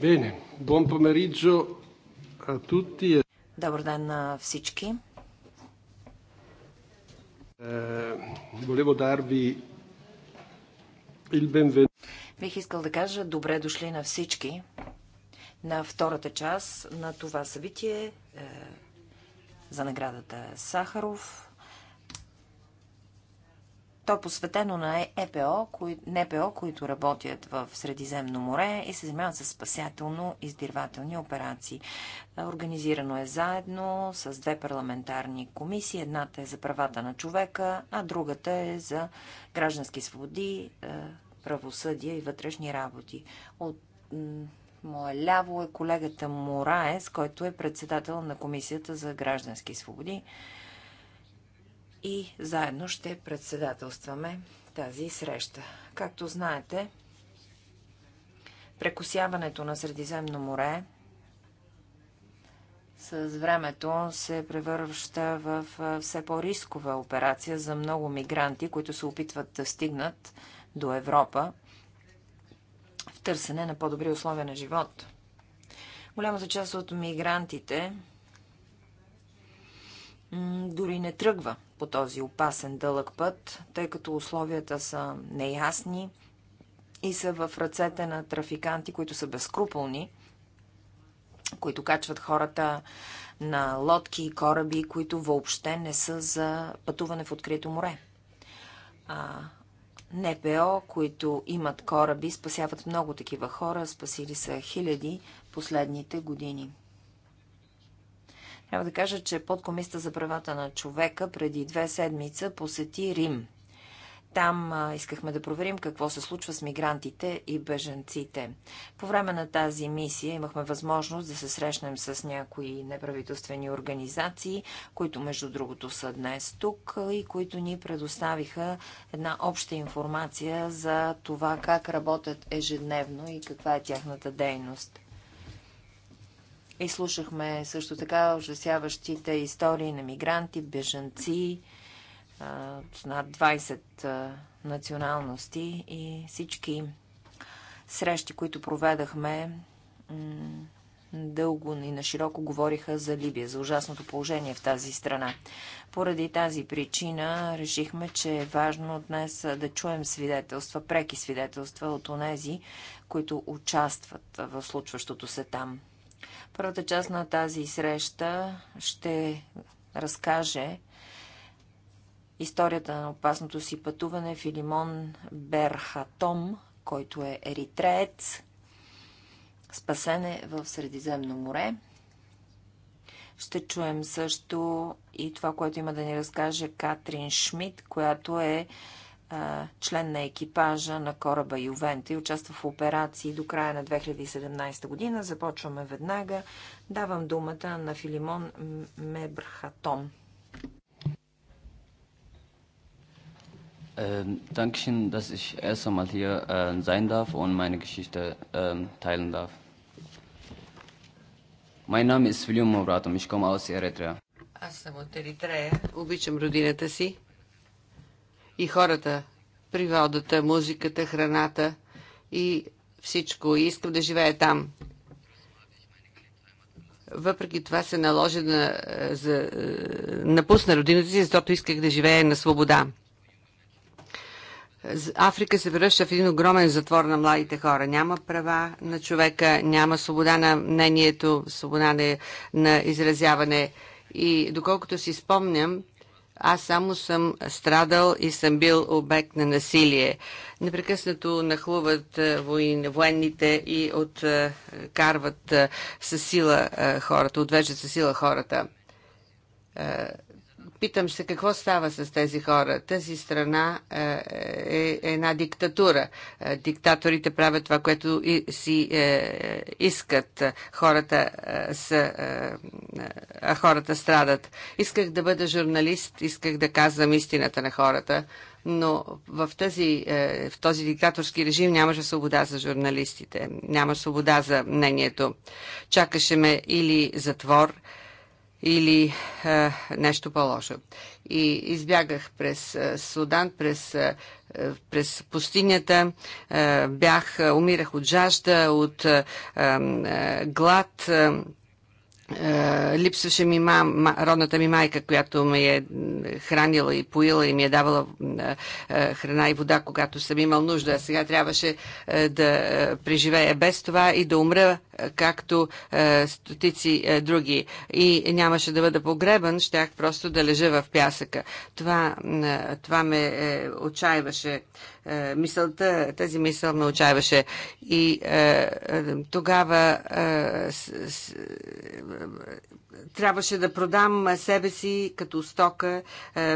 Bene, buon pomeriggio a tutti. E- Добър ден на всички. Ehm, il benvenuto. Бих искал да кажа добре дошли на всички на втората част на това събитие е, за наградата Сахаров то е посветено на ЕПО, кои, НПО, които работят в Средиземно море и се занимават с спасятелно издирвателни операции. Организирано е заедно с две парламентарни комисии. Едната е за правата на човека, а другата е за граждански свободи, е, правосъдие и вътрешни работи. От мое ляво е колегата Мораес, който е председател на Комисията за граждански свободи и заедно ще председателстваме тази среща. Както знаете, прекосяването на Средиземно море с времето се превръща в все по-рискова операция за много мигранти, които се опитват да стигнат до Европа в търсене на по-добри условия на живот. Голямата част от мигрантите дори не тръгва по този опасен дълъг път, тъй като условията са неясни и са в ръцете на трафиканти, които са безкруполни, които качват хората на лодки и кораби, които въобще не са за пътуване в открито море. А, НПО, които имат кораби, спасяват много такива хора, спасили са хиляди последните години. Трябва да кажа, че Подкомиста за правата на човека преди две седмица посети Рим. Там искахме да проверим какво се случва с мигрантите и беженците. По време на тази мисия имахме възможност да се срещнем с някои неправителствени организации, които между другото са днес тук и които ни предоставиха една обща информация за това как работят ежедневно и каква е тяхната дейност. И слушахме също така ужасяващите истории на мигранти, бежанци, от над 20 националности и всички срещи, които проведахме, дълго и на широко говориха за Либия, за ужасното положение в тази страна. Поради тази причина решихме, че е важно днес да чуем свидетелства, преки свидетелства от онези, които участват в случващото се там. Първата част на тази среща ще разкаже историята на опасното си пътуване Филимон Берхатом, който е еритреец, спасене в Средиземно море. Ще чуем също и това, което има да ни разкаже Катрин Шмидт, която е член на екипажа на кораба Ювента и участва в операции до края на 2017 година. Започваме веднага. Давам думата на Филимон Мебрхатом. Dankeschön, е, dass ich erst einmal hier äh, sein darf und meine Geschichte äh, teilen darf. Mein Name ist William Mobratum, ich komme aus Eritrea. Аз съм от Еритрея, обичам родината си и хората, природата, музиката, храната и всичко. И искам да живея там. Въпреки това се наложи на, за, напусна родината си, защото исках да живея на свобода. Африка се превръща в един огромен затвор на младите хора. Няма права на човека, няма свобода на мнението, свобода на, на изразяване. И доколкото си спомням, аз само съм страдал и съм бил обект на насилие. Непрекъснато нахлуват е, воин, военните и откарват е, е, със сила хората, отвеждат със сила хората Питам се какво става с тези хора. Тази страна е, е, е една диктатура. Е, диктаторите правят това, което си искат. Хората са, а хората страдат. Исках да бъда журналист, исках да казвам истината на хората, но в, тази, в този диктаторски режим нямаше свобода за журналистите, няма свобода за мнението. Чакаше ме или затвор, или а, е, нещо по-лошо. И избягах през а, е, Судан, през, а, е, през пустинята, а, бях, умирах от жажда, от а, а, глад. А, липсваше ми мам, родната ми майка, която ме е хранила и поила и ми е давала храна и вода, когато съм имал нужда. А сега трябваше да преживея без това и да умра както е, стотици е, други. И нямаше да бъда погребан, щях просто да лежа в пясъка. Това, е, това ме отчаиваше. Мисълта, тази мисъл ме отчаиваше. И тогава трябваше да продам себе си като стока.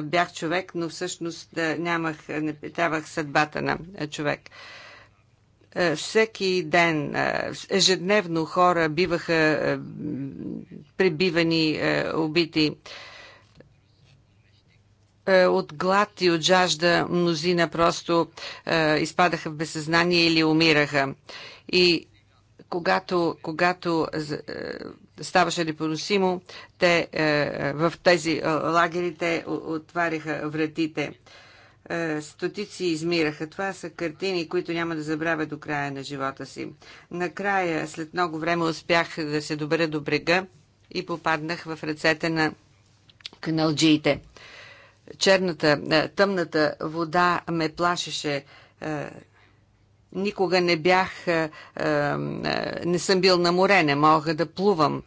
Бях човек, но всъщност нямах, не питавах съдбата на човек. Е, всеки ден, е, ежедневно хора биваха е, прибивани убити от глад и от жажда мнозина просто изпадаха в безсъзнание или умираха. И когато, когато ставаше непоносимо, те в тези лагери те отваряха вратите. Е, стотици измираха. Това са картини, които няма да забравя до края на живота си. Накрая, след много време, успях да се добра до брега и попаднах в ръцете на каналджиите. Черната, е, тъмната вода ме плашеше. Е, никога не бях, не съм бил на море, не мога да плувам.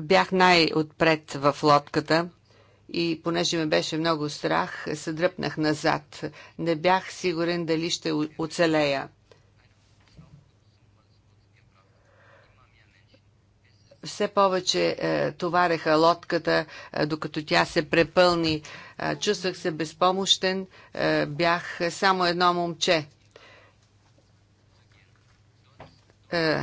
Бях най-отпред в лодката – и понеже ме беше много страх, се дръпнах назад. Не бях сигурен дали ще оцелея. все повече е, товареха лодката, е, докато тя се препълни. Е, чувствах се безпомощен, е, бях само едно момче. Е,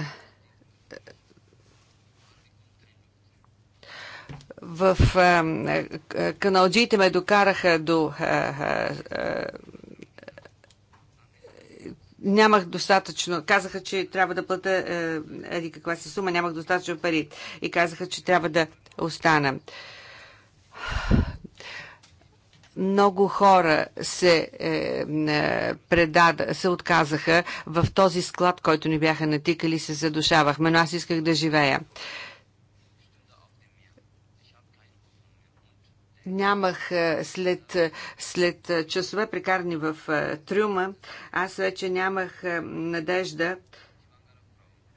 в е, е, каналджиите ме докараха до е, нямах достатъчно. Казаха, че трябва да плата е, еди каква си сума, нямах достатъчно пари. И казаха, че трябва да остана. Много хора се, е, е, предада, се отказаха в този склад, който ни бяха натикали, се задушавахме, но аз исках да живея. Е, нямах е, след, е, след е, часове прекарани в трюма, аз вече нямах надежда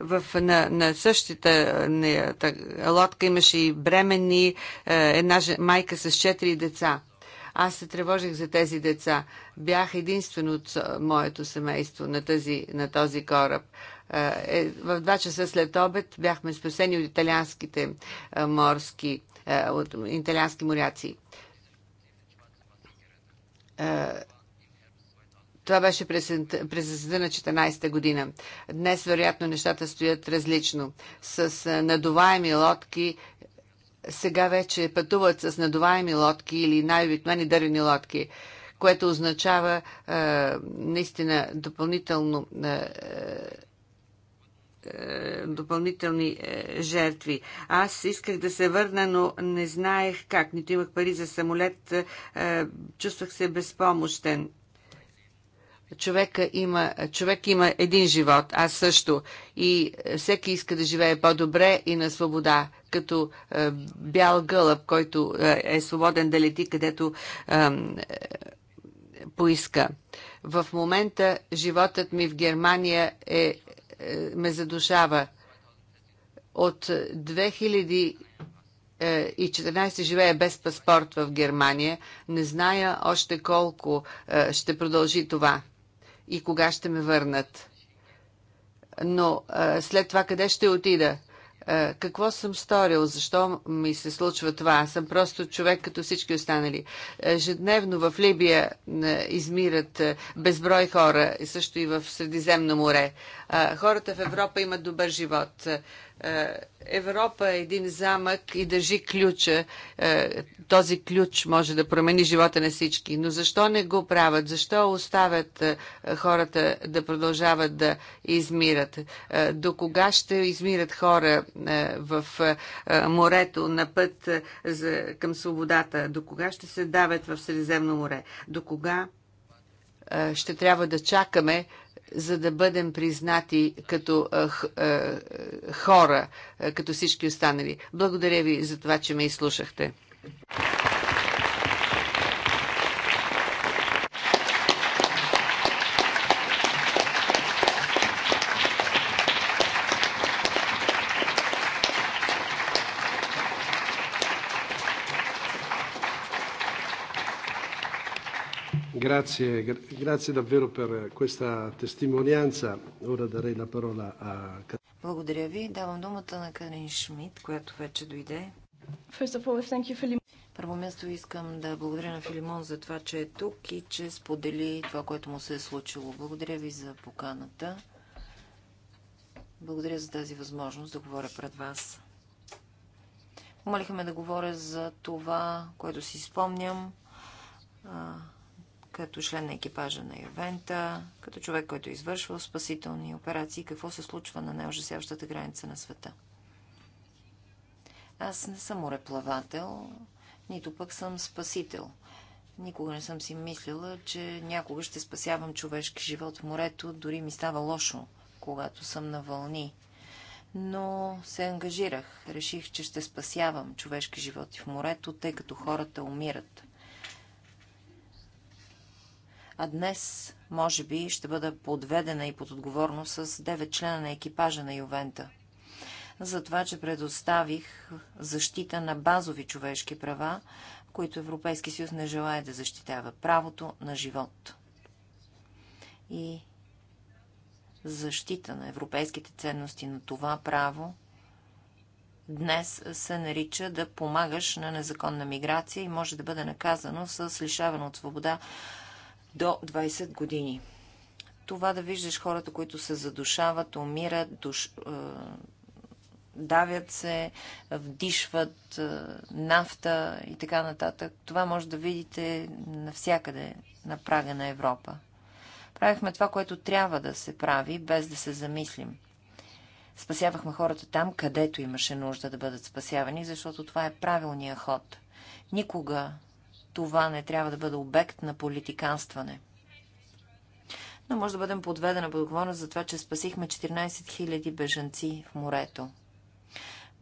в, на, на същата не, так, лодка имаше и бременни, една майка с четири деца. Аз се тревожих за тези деца. Бях единствено от моето семейство на, тази, на този кораб. в два часа след обед бяхме спасени от италианските морски е, от италиански моряци. Е, това беше през, седа на 14-та година. Днес, вероятно, нещата стоят различно. С е, надуваеми лодки, сега вече пътуват с надуваеми лодки или най-обикновени дървени лодки, което означава наистина допълнително е, допълнителни е, жертви. Аз исках да се върна, но не знаех как. Нито имах пари за самолет. Е, чувствах се безпомощен. Човека има, човек има един живот, аз също. И всеки иска да живее по-добре и на свобода, като е, бял гълъб, който е, е свободен да лети където е, е, поиска. В момента животът ми в Германия е е, ме задушава. От 2014 е, живея без паспорт в Германия. Не зная още колко е, ще продължи това и кога ще ме върнат. Но след това къде ще отида? какво съм сторил, защо ми се случва това. Аз съм просто човек като всички останали. Ежедневно в Либия измират безброй хора, също и в Средиземно море. Хората в Европа имат добър живот. Е, Европа е един замък и държи ключа. Е, този ключ може да промени живота на всички. Но защо не го правят? Защо оставят е, хората да продължават да измират? До кога ще измират хора в морето на път към свободата? До кога ще се давят в Средиземно море? До кога ще трябва да чакаме за да бъдем признати като хора, като всички останали. Благодаря ви за това, че ме изслушахте. Grazie, grazie davvero per questa testimonianza. Ora darei la parola a Благодаря ви. Давам думата на Карин Шмидт, която вече дойде. Първо място искам да благодаря на Филимон за това, че е тук и че сподели това, което му се е случило. Благодаря ви за поканата. Благодаря за тази възможност да говоря пред вас. Помолиха ме да говоря за това, което си спомням като член на екипажа на Ювента, като човек, който е извършвал спасителни операции, какво се случва на ужасяващата граница на света. Аз не съм мореплавател, нито пък съм спасител. Никога не съм си мислила, че някога ще спасявам човешки живот в морето, дори ми става лошо, когато съм на вълни. Но се ангажирах. Реших, че ще спасявам човешки животи в морето, тъй като хората умират а днес, може би, ще бъда подведена и под отговорност с 9 члена на екипажа на Ювента. За това, че предоставих защита на базови човешки права, които Европейски съюз не желая да защитава. Правото на живот. И защита на европейските ценности на това право днес се нарича да помагаш на незаконна миграция и може да бъде наказано с лишаване от свобода до 20 години. Това да виждаш хората, които се задушават, умират, душ, е, давят се, вдишват е, нафта и така нататък. Това може да видите навсякъде на прага на Европа. Правихме това, което трябва да се прави, без да се замислим. Спасявахме хората там, където имаше нужда да бъдат спасявани, защото това е правилният ход. Никога това не трябва да бъде обект на политиканстване. Но може да бъдем подведена под отговорност за това, че спасихме 14 000 бежанци в морето.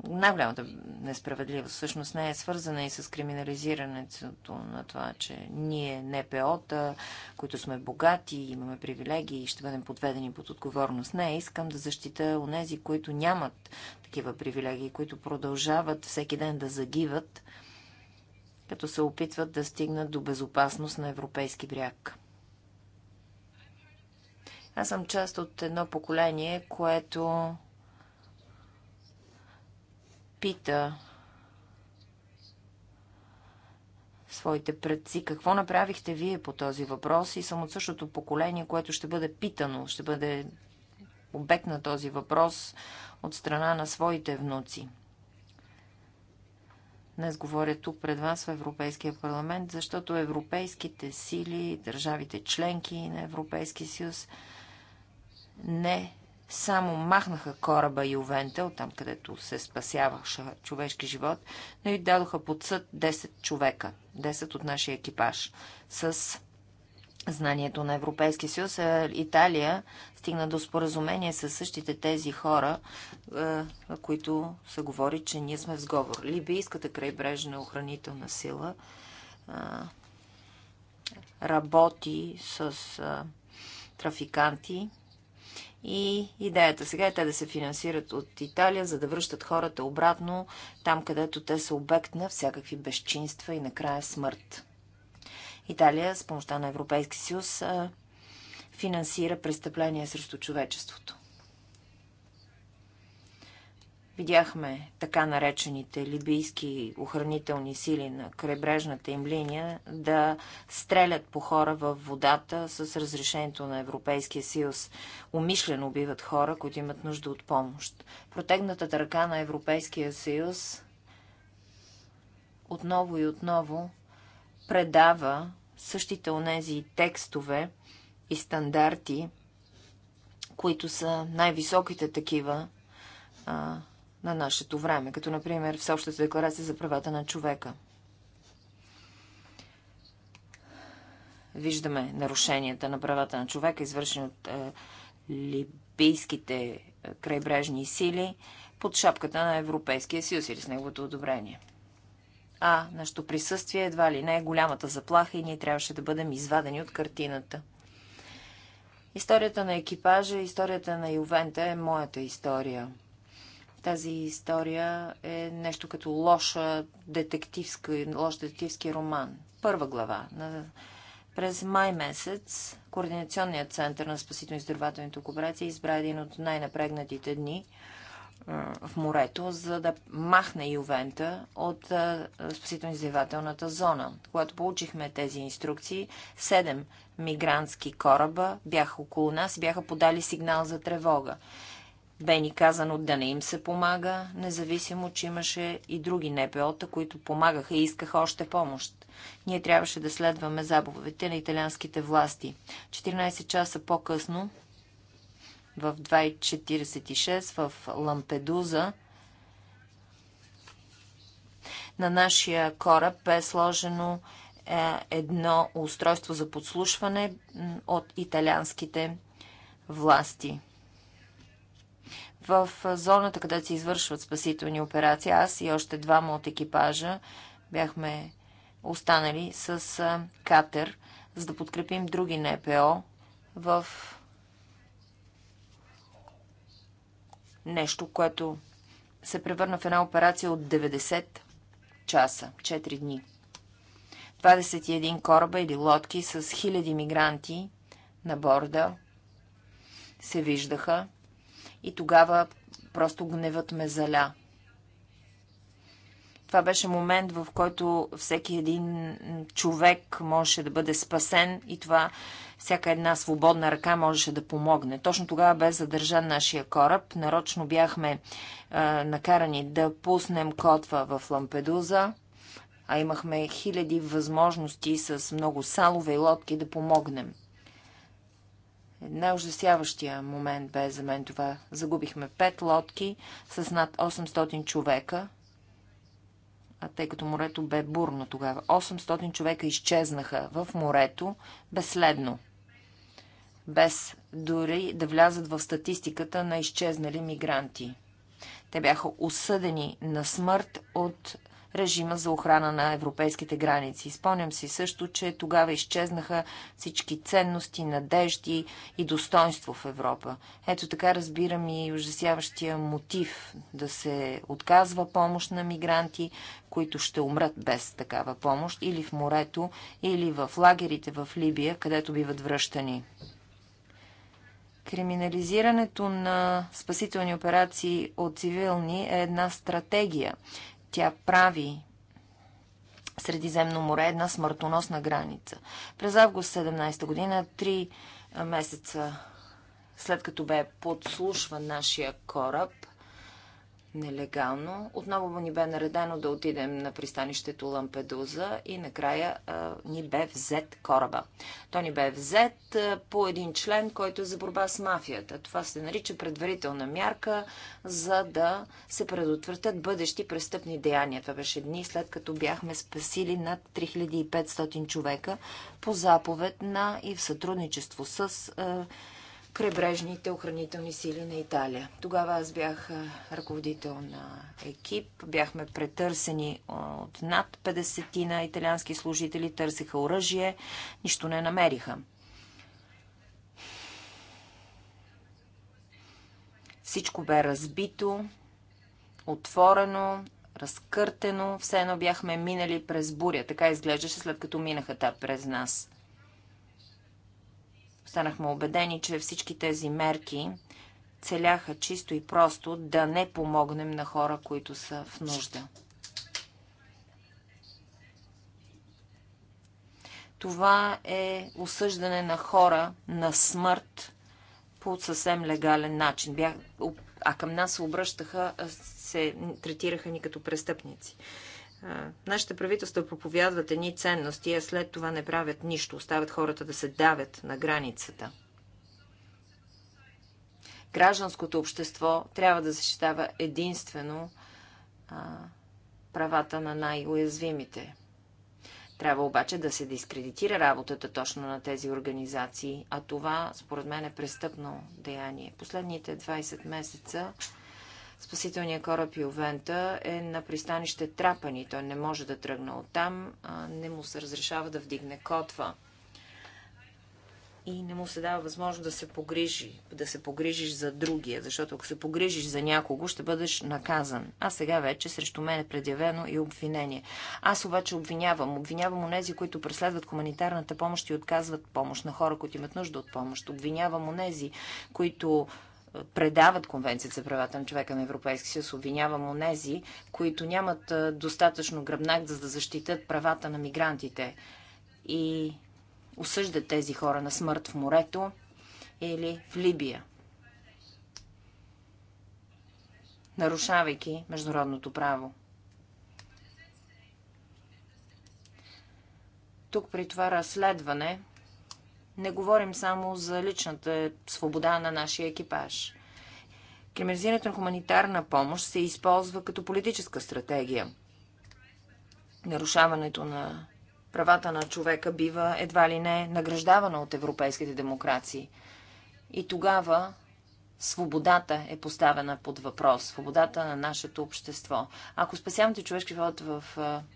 Най-голямата несправедливост всъщност не е свързана и с криминализирането на това, че ние, НПО-та, които сме богати, имаме привилегии и ще бъдем подведени под отговорност. Не, искам да защита онези, които нямат такива привилегии, които продължават всеки ден да загиват като се опитват да стигнат до безопасност на европейски бряг. Аз съм част от едно поколение, което пита своите предци. Какво направихте вие по този въпрос? И съм от същото поколение, което ще бъде питано, ще бъде обект на този въпрос от страна на своите внуци. Днес говоря тук пред вас в Европейския парламент, защото европейските сили, държавите членки на Европейския съюз не само махнаха кораба Ювента, оттам където се спасяваше човешки живот, но и дадоха под съд 10 човека, 10 от нашия екипаж, с знанието на Европейския съюз, Италия стигна до споразумение с същите тези хора, които се говори, че ние сме в сговор. Либийската крайбрежна охранителна сила работи с трафиканти и идеята сега е те да се финансират от Италия, за да връщат хората обратно там, където те са обект на всякакви безчинства и накрая смърт. Италия с помощта на Европейски съюз финансира престъпления срещу човечеството. Видяхме така наречените либийски охранителни сили на крайбрежната им линия да стрелят по хора в водата с разрешението на Европейския съюз. Умишлено убиват хора, които имат нужда от помощ. Протегнатата ръка на Европейския съюз отново и отново предава същите онези текстове и стандарти, които са най-високите такива а, на нашето време, като например Всеобщата декларация за правата на човека. Виждаме нарушенията на правата на човека, извършени от е, либийските е, крайбрежни сили под шапката на Европейския съюз или с неговото одобрение а нашето присъствие едва ли не е голямата заплаха и ние трябваше да бъдем извадени от картината. Историята на екипажа, историята на Ювента е моята история. Тази история е нещо като лоша детективска, лош детективски роман. Първа глава. На... През май месец Координационният център на спасително-издървателните операции избра един от най-напрегнатите дни – в морето, за да махне Ювента от спасително-издевателната зона. Когато получихме тези инструкции, седем мигрантски кораба бяха около нас и бяха подали сигнал за тревога. Бе ни казано да не им се помага, независимо, че имаше и други НПО-та, които помагаха и искаха още помощ. Ние трябваше да следваме заповедите на италианските власти. 14 часа по-късно в 2.46 в Лампедуза. На нашия кораб е сложено едно устройство за подслушване от италианските власти. В зоната, където се извършват спасителни операции, аз и още двама от екипажа бяхме останали с катер, за да подкрепим други НПО в нещо, което се превърна в една операция от 90 часа, 4 дни. 21 кораба или лодки с хиляди мигранти на борда се виждаха и тогава просто гневът ме заля. Това беше момент, в който всеки един човек можеше да бъде спасен и това всяка една свободна ръка можеше да помогне. Точно тогава бе задържан нашия кораб. Нарочно бяхме а, накарани да пуснем котва в Лампедуза, а имахме хиляди възможности с много салове и лодки да помогнем. Най-ужасяващия момент бе за мен това. Загубихме пет лодки с над 800 човека – тъй като морето бе бурно тогава. 800 човека изчезнаха в морето безследно, без дори да влязат в статистиката на изчезнали мигранти. Те бяха осъдени на смърт от режима за охрана на европейските граници. Спомням си също, че тогава изчезнаха всички ценности, надежди и достоинство в Европа. Ето така разбирам и ужасяващия мотив да се отказва помощ на мигранти, които ще умрат без такава помощ или в морето, или в лагерите в Либия, където биват връщани. Криминализирането на спасителни операции от цивилни е една стратегия, тя прави Средиземно море една смъртоносна граница. През август 17 година, три месеца след като бе подслушван нашия кораб – нелегално. Отново му ни бе наредено да отидем на пристанището Лампедуза и накрая а, ни бе взет кораба. Той ни бе взет а, по един член, който е за борба с мафията. Това се нарича предварителна мярка, за да се предотвратят бъдещи престъпни деяния. Това беше дни след като бяхме спасили над 3500 човека по заповед на и в сътрудничество с а, крайбрежните охранителни сили на Италия. Тогава аз бях ръководител на екип. Бяхме претърсени от над 50 на италиански служители, търсеха оръжие, нищо не намериха. Всичко бе разбито, отворено, разкъртено, все едно бяхме минали през буря. Така изглеждаше след като минаха та през нас. Останахме убедени, че всички тези мерки целяха чисто и просто да не помогнем на хора, които са в нужда. Това е осъждане на хора на смърт по съвсем легален начин. а към нас се обръщаха, се третираха ни като престъпници нашите правителства проповядват едни ценности, а след това не правят нищо. Оставят хората да се давят на границата. Гражданското общество трябва да защитава единствено а, правата на най-уязвимите. Трябва обаче да се дискредитира работата точно на тези организации, а това, според мен, е престъпно деяние. Последните 20 месеца Спасителният кораб Ювента е на пристанище Трапани. Той не може да тръгне от там. Не му се разрешава да вдигне котва. И не му се дава възможност да се погрижи, да се погрижиш за другия, защото ако се погрижиш за някого, ще бъдеш наказан. А сега вече срещу мен е предявено и обвинение. Аз обаче обвинявам. Обвинявам онези, които преследват хуманитарната помощ и отказват помощ на хора, които имат нужда от помощ. Обвинявам онези, които предават Конвенцията за правата на човека на Европейския съюз. Обвинявам онези, които нямат достатъчно гръбнак за да защитат правата на мигрантите и осъждат тези хора на смърт в морето или в Либия, нарушавайки международното право. Тук при това разследване не говорим само за личната свобода на нашия екипаж. Криминализирането на хуманитарна помощ се използва като политическа стратегия. Нарушаването на правата на човека бива едва ли не награждавано от европейските демокрации. И тогава свободата е поставена под въпрос, свободата на нашето общество. Ако спасявате човешки живот в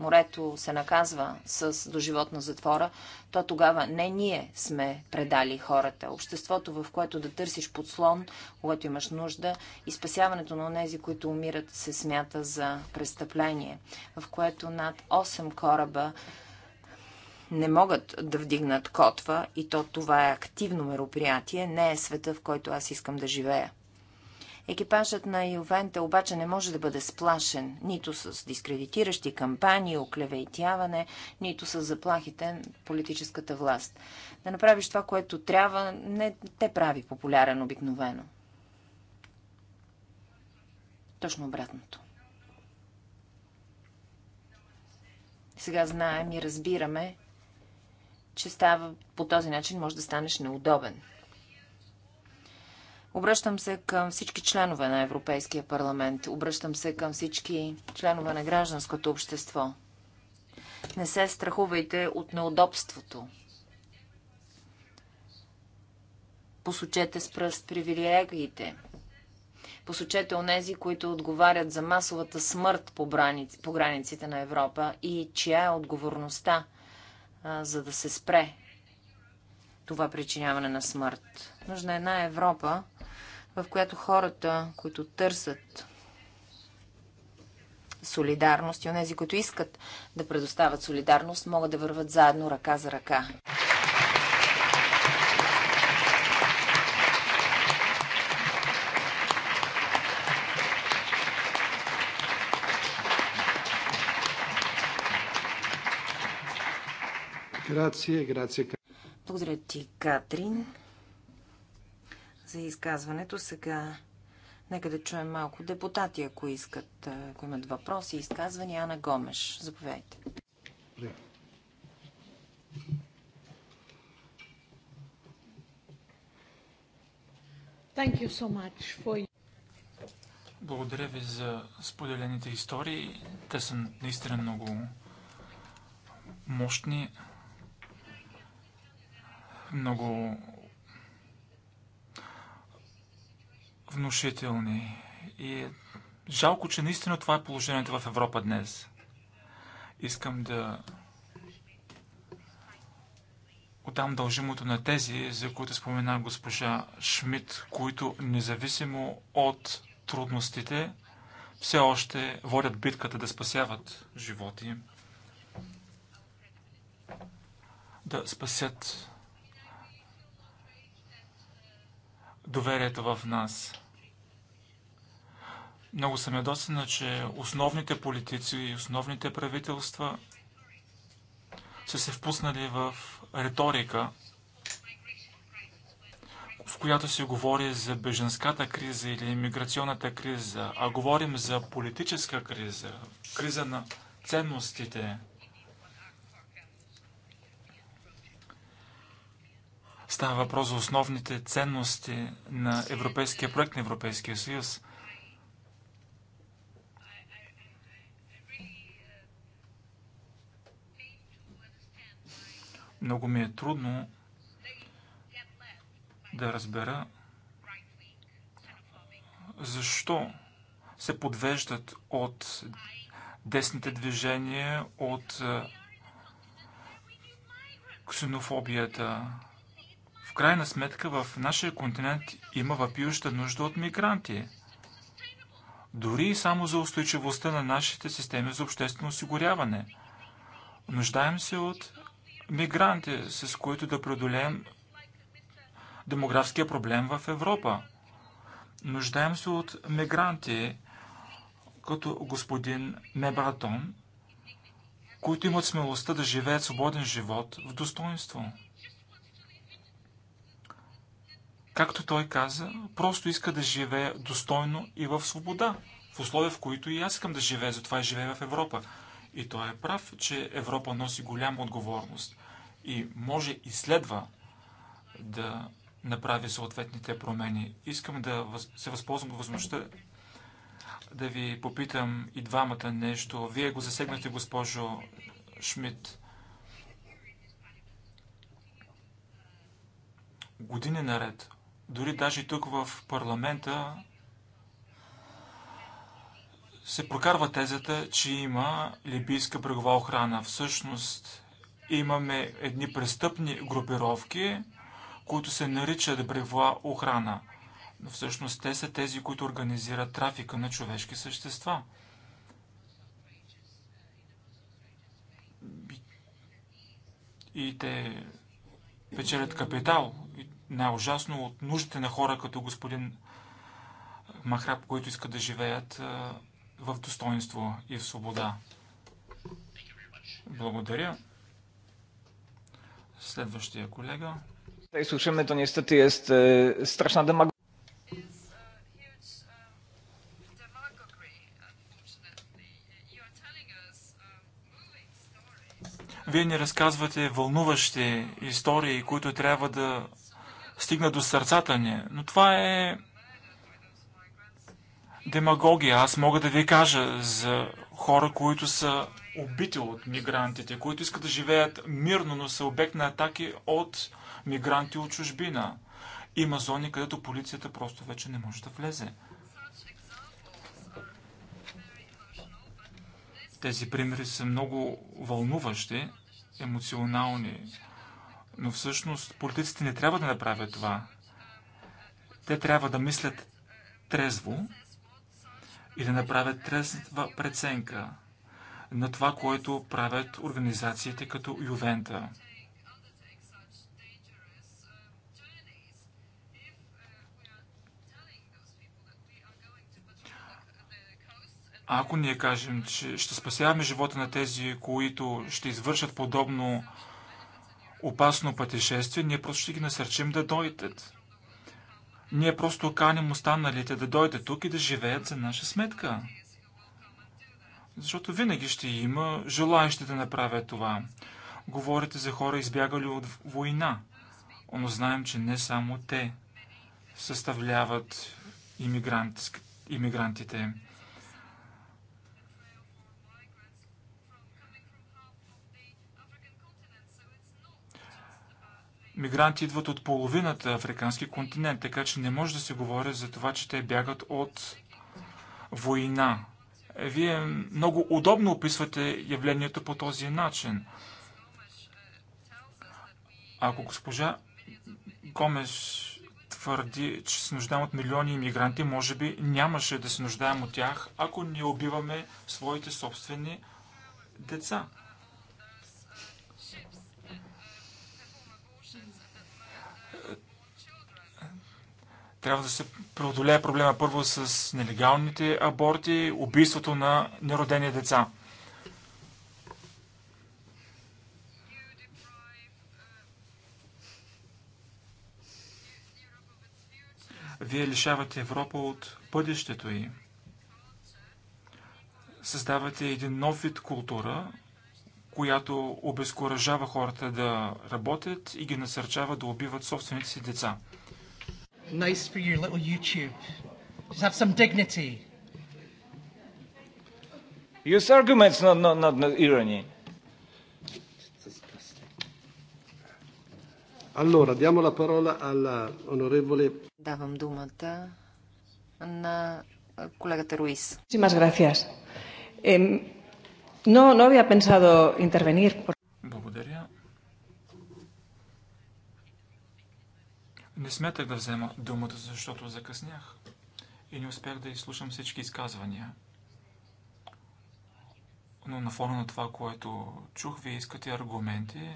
морето се наказва с доживотна затвора, то тогава не ние сме предали хората. Обществото, в което да търсиш подслон, когато имаш нужда, и спасяването на тези, които умират, се смята за престъпление, в което над 8 кораба не могат да вдигнат котва и то това е активно мероприятие, не е света, в който аз искам да живея. Екипажът на Ювента обаче не може да бъде сплашен нито с дискредитиращи кампании, оклеветяване, нито с заплахите на политическата власт. Да направиш това, което трябва, не те прави популярен обикновено. Точно обратното. Сега знаем и разбираме, че става, по този начин може да станеш неудобен. Обръщам се към всички членове на Европейския парламент. Обръщам се към всички членове на гражданското общество. Не се страхувайте от неудобството. Посочете с пръст привилегиите. Посочете онези, които отговарят за масовата смърт по, границите на Европа и чия е отговорността – за да се спре това причиняване на смърт. Нужна е една Европа, в която хората, които търсят солидарност и онези, които искат да предоставят солидарност, могат да върват заедно ръка за ръка. Грация, грация. Благодаря ти, Катрин, за изказването. Сега нека да чуем малко депутати, ако искат, ако имат въпроси и изказвания. Ана Гомеш, заповядайте. So for... Благодаря ви за споделените истории. Те са наистина много мощни много внушителни. И е жалко, че наистина това е положението в Европа днес. Искам да отдам дължимото на тези, за които спомена госпожа Шмидт, които независимо от трудностите, все още водят битката да спасяват животи, да спасят доверието в нас. Много съм ядосен, че основните политици и основните правителства са се впуснали в риторика, в която се говори за беженската криза или иммиграционната криза, а говорим за политическа криза, криза на ценностите. Става въпрос за основните ценности на европейския проект на Европейския съюз. Много ми е трудно да разбера защо се подвеждат от десните движения, от ксенофобията крайна сметка в нашия континент има въпиюща нужда от мигранти. Дори и само за устойчивостта на нашите системи за обществено осигуряване. Нуждаем се от мигранти, с които да преодолеем демографския проблем в Европа. Нуждаем се от мигранти, като господин Мебратон, които имат смелостта да живеят свободен живот в достоинство. както той каза, просто иска да живее достойно и в свобода, в условия, в които и аз искам да живея, затова и живея в Европа. И той е прав, че Европа носи голяма отговорност и може и следва да направи съответните промени. Искам да се възползвам от възможността да ви попитам и двамата нещо. Вие го засегнахте, госпожо Шмидт. Години наред дори даже тук в парламента се прокарва тезата, че има либийска брегова охрана. Всъщност имаме едни престъпни групировки, които се наричат брегова охрана. Но всъщност те са тези, които организират трафика на човешки същества. И те печелят капитал. И най-ужасно от нуждите на хора като господин Махраб, които искат да живеят в достоинство и в свобода. Благодаря. Следващия колега. Tutaj słyszymy, to стати е страшна демагога. Вие ни разказвате вълнуващи истории, които трябва да стигна до сърцата ни. Но това е демагогия. Аз мога да ви кажа за хора, които са убити от мигрантите, които искат да живеят мирно, но са обект на атаки от мигранти от чужбина. Има зони, където полицията просто вече не може да влезе. Тези примери са много вълнуващи, емоционални. Но всъщност политиците не трябва да направят това. Те трябва да мислят трезво и да направят трезва преценка на това, което правят организациите като Ювента. ако ние кажем, че ще спасяваме живота на тези, които ще извършат подобно опасно пътешествие, ние просто ще ги насърчим да дойдат. Ние просто каним останалите да дойдат тук и да живеят за наша сметка. Защото винаги ще има желаящи да направят това. Говорите за хора избягали от война, но знаем, че не само те съставляват иммигрант, иммигрантите. мигранти идват от половината африкански континент, така че не може да се говори за това, че те бягат от война. Вие много удобно описвате явлението по този начин. Ако госпожа Гомес твърди, че се нуждаем от милиони иммигранти, може би нямаше да се нуждаем от тях, ако не убиваме своите собствени деца. Трябва да се преодолее проблема първо с нелегалните аборти, убийството на неродени деца. Вие лишавате Европа от бъдещето й. Създавате един нов вид култура, която обезкуражава хората да работят и ги насърчава да убиват собствените си деца. Nice for your little YouTube. Just have some dignity. Use arguments, not, not, not, not irony. Allora, diamo la parola alla onorevole... Davam думата на колегата Руис. Muchísimas gracias. Eh, no, no había pensado intervenir. Por... Не смятах да взема думата, защото закъснях и не успях да изслушам всички изказвания. Но на фона на това, което чух, вие искате аргументи.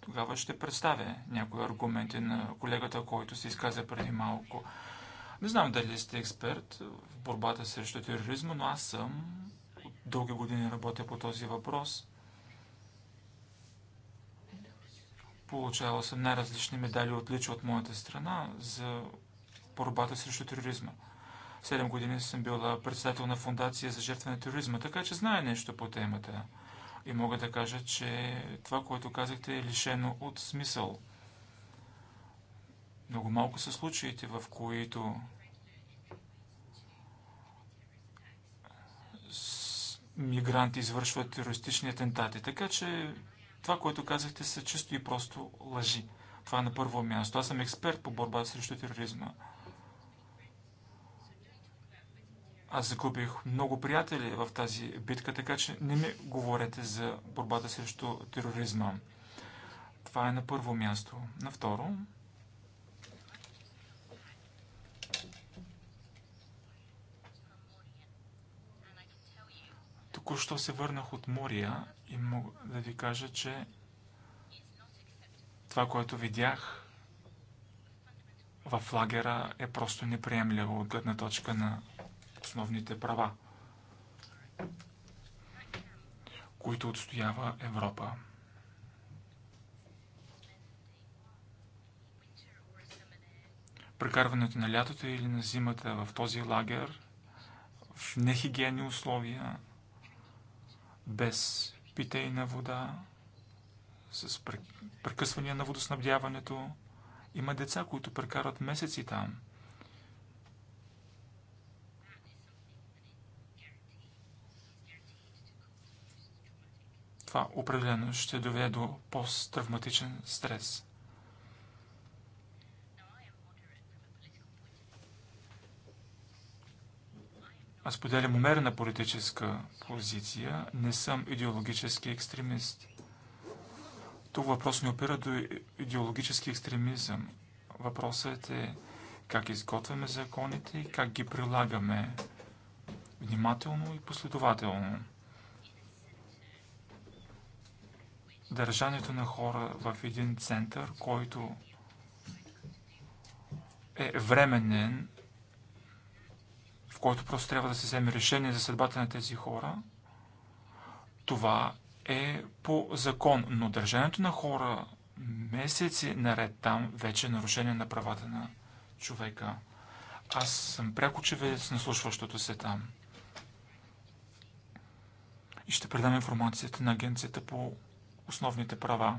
Тогава ще представя някои аргументи на колегата, който се изказа преди малко. Не знам дали сте експерт в борбата срещу тероризма, но аз съм. Дълги години работя по този въпрос. Получавал съм най-различни медали от лича от моята страна за борбата срещу тероризма. Седем години съм била председател на Фундация за жертва на тероризма, така че знае нещо по темата. И мога да кажа, че това, което казахте, е лишено от смисъл. Много малко са случаите, в които мигранти извършват терористични атентати. Така че това, което казахте, са чисто и просто лъжи. Това е на първо място. Аз съм експерт по борба срещу тероризма. Аз загубих много приятели в тази битка, така че не ми говорете за борбата срещу тероризма. Това е на първо място. На второ, Току-що се върнах от Мория и мога да ви кажа, че това, което видях в лагера е просто неприемливо от гледна точка на основните права, които отстоява Европа. прекарването на лятото или на зимата в този лагер в нехигиени условия без питейна вода, с прекъсвания на водоснабдяването. Има деца, които прекарат месеци там. Това определено ще доведе до посттравматичен стрес. Аз поделям умерена политическа позиция. Не съм идеологически екстремист. Тук въпрос не опира до идеологически екстремизъм. Въпросът е как изготвяме законите и как ги прилагаме внимателно и последователно. Държанието на хора в един център, който е временен, който просто трябва да се вземе решение за съдбата на тези хора. Това е по закон, но държането на хора месеци наред там вече е нарушение на правата на човека. Аз съм пряко очевидец на слушващото се там. И ще предам информацията на Агенцията по основните права.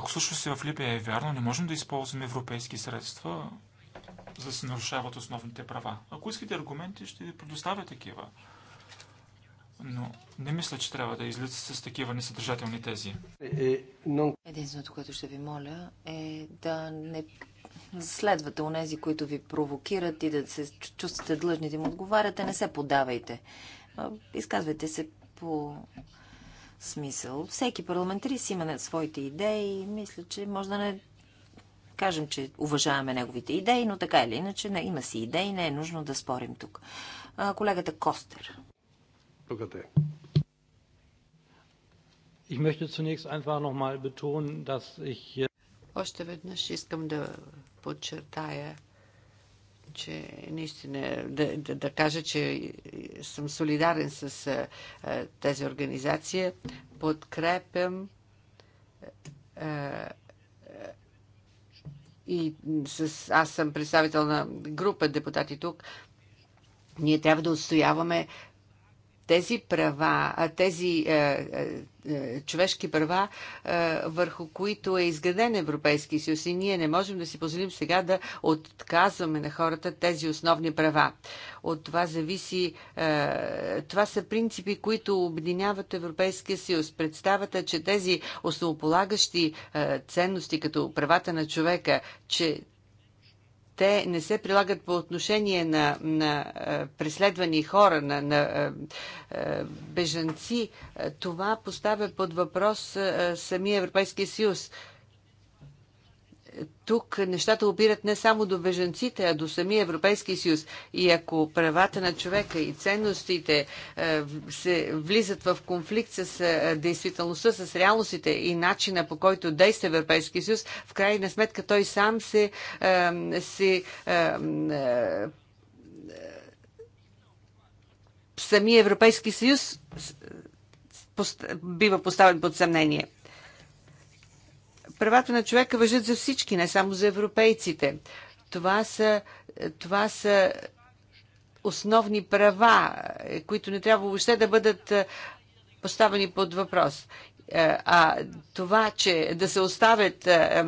Ако също се в Либия е вярно, не можем да използваме европейски средства, за да се нарушават основните права. Ако искате аргументи, ще ви предоставя такива. Но не мисля, че трябва да излиза с такива несъдържателни тези. Единственото, което ще ви моля е да не следвате онези, които ви провокират и да се чувствате длъжни да им отговаряте. Не се подавайте. Изказвайте се по смисъл. Всеки парламентарист има своите идеи и мисля, че може да не кажем, че уважаваме неговите идеи, но така или иначе не, има си идеи, не е нужно да спорим тук. А, колегата Костер. Тук е. Ich möchte zunächst einfach mal betonen, dass ich Още веднъж искам да подчертая, че наистина да, да, да кажа, че съм солидарен с тези организации. Подкрепям и с, аз съм представител на група депутати тук. Ние трябва да отстояваме тези права, тези е, човешки права, е, върху които е изграден Европейски съюз и ние не можем да си позволим сега да отказваме на хората тези основни права. От това зависи, е, това са принципи, които обединяват Европейския съюз. Представата, че тези основополагащи ценности, като правата на човека, че те не се прилагат по отношение на, на е, преследвани хора, на, на е, е, бежанци, това поставя под въпрос самия Европейския съюз тук нещата обират не само до беженците, а до самия Европейски съюз. И ако правата на човека и ценностите се влизат в конфликт с действителността, с реалностите и начина по който действа Европейски съюз, в крайна сметка той сам се, се самия Европейски съюз бива поставен под съмнение. Правата на човека въжат за всички, не само за европейците. Това са, това са основни права, които не трябва въобще да бъдат поставени под въпрос. Е, а това, че да се оставят е,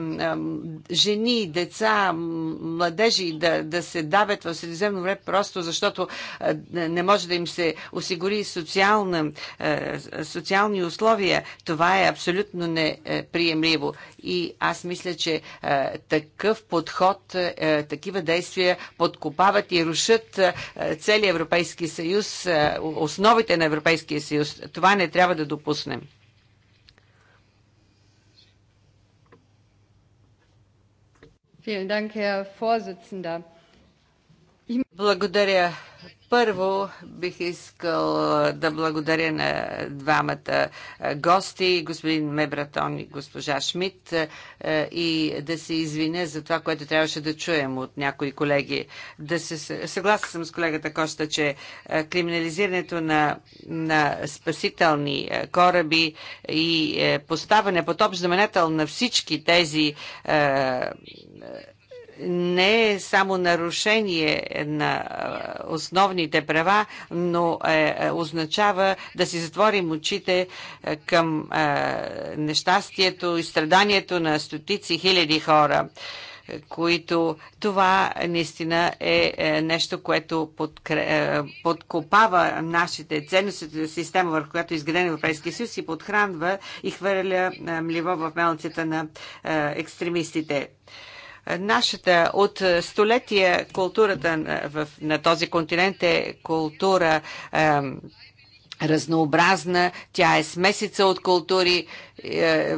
жени, деца, младежи да, да се давят в Средиземно време, просто защото е, не може да им се осигури социална, социални условия, това е абсолютно неприемливо. И аз мисля, че такъв подход, такива действия подкопават и рушат целият Европейски съюз, основите на Европейския съюз. Това не трябва да допуснем. Благодаря, първо бих искал да благодаря на двамата гости, господин Мебратон и госпожа Шмидт, и да се извиня за това, което трябваше да чуем от някои колеги. Да се, съгласна съм с колегата Коща, че криминализирането на, на спасителни кораби и е, поставяне под общ знаменател на всички тези не е само нарушение на основните права, но е, е, означава да си затворим очите е, към е, нещастието и страданието на стотици хиляди хора е, които това наистина е нещо, което подкре... подкопава нашите ценности, система, върху която изграден Европейския съюз и подхранва и хвърля мливо в мелците на екстремистите. Нашата от столетия културата на, в, на този континент е култура разнообразна, тя е смесица от култури, е, е,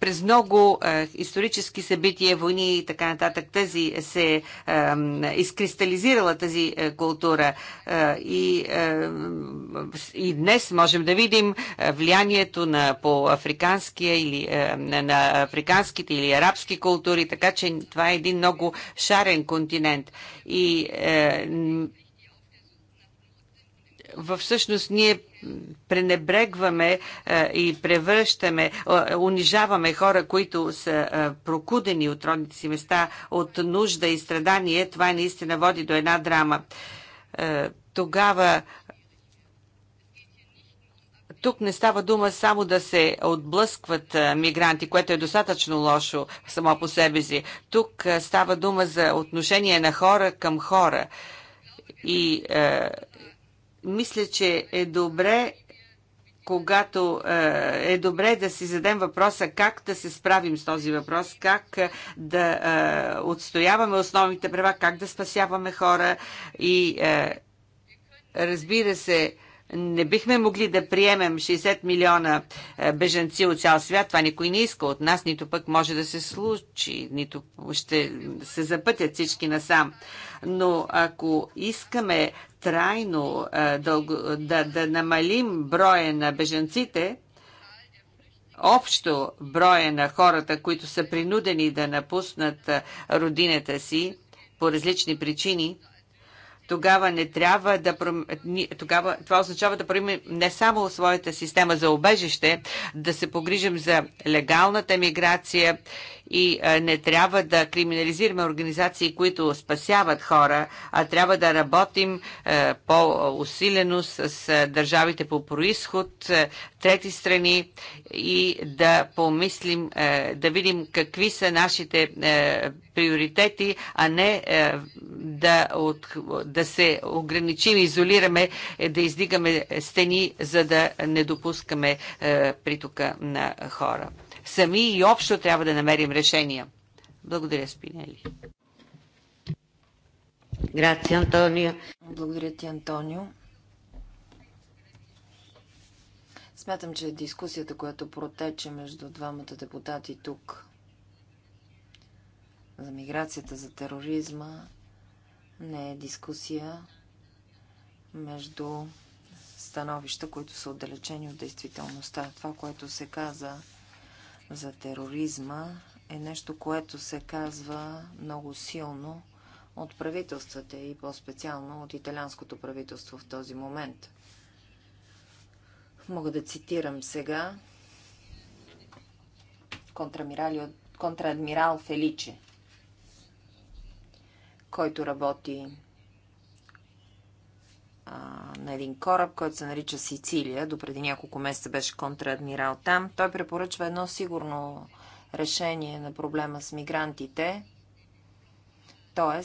през много е, исторически събития, войни и така нататък, тази се изкристализирала тази култура. И, и днес можем да видим влиянието на по африканския или на африканските или арабски култури, така че това е един много шарен континент. И всъщност ние пренебрегваме е, и превръщаме, унижаваме хора, които са е, прокудени от родните си места, от нужда и страдание, това наистина води до една драма. Е, тогава тук не става дума само да се отблъскват мигранти, което е достатъчно лошо само по себе си. Тук става дума за отношение на хора към хора. И е, мисля, че е добре когато е, е добре да си задем въпроса как да се справим с този въпрос, как е, да е, отстояваме основните права, как да спасяваме хора и е, разбира се, не бихме могли да приемем 60 милиона е, беженци от цял свят. Това никой не иска от нас, нито пък може да се случи, нито ще се запътят всички насам. Но ако искаме трайно е, дълго, да, да намалим броя на беженците, общо броя на хората, които са принудени да напуснат е, родината си по различни причини – тогава не трябва да пром... тогава това означава да променим не само своята система за обежище, да се погрижим за легалната миграция и не трябва да криминализираме организации, които спасяват хора, а трябва да работим по-усилено с държавите по происход, трети страни и да помислим, да видим какви са нашите приоритети, а не да, от, да се ограничим, изолираме, е, да издигаме стени, за да не допускаме притока на хора сами и общо трябва да намерим решения. Благодаря, Спинели. Грация, Антонио. Благодаря ти, Антонио. Смятам, че дискусията, която протече между двамата депутати тук за миграцията, за тероризма, не е дискусия между становища, които са отдалечени от действителността. Това, което се каза за тероризма е нещо, което се казва много силно от правителствата и по-специално от италианското правителство в този момент. Мога да цитирам сега контрадмирал Феличе, който работи на един кораб, който се нарича Сицилия. Допреди няколко месеца беше контрадмирал там. Той препоръчва едно сигурно решение на проблема с мигрантите, т.е.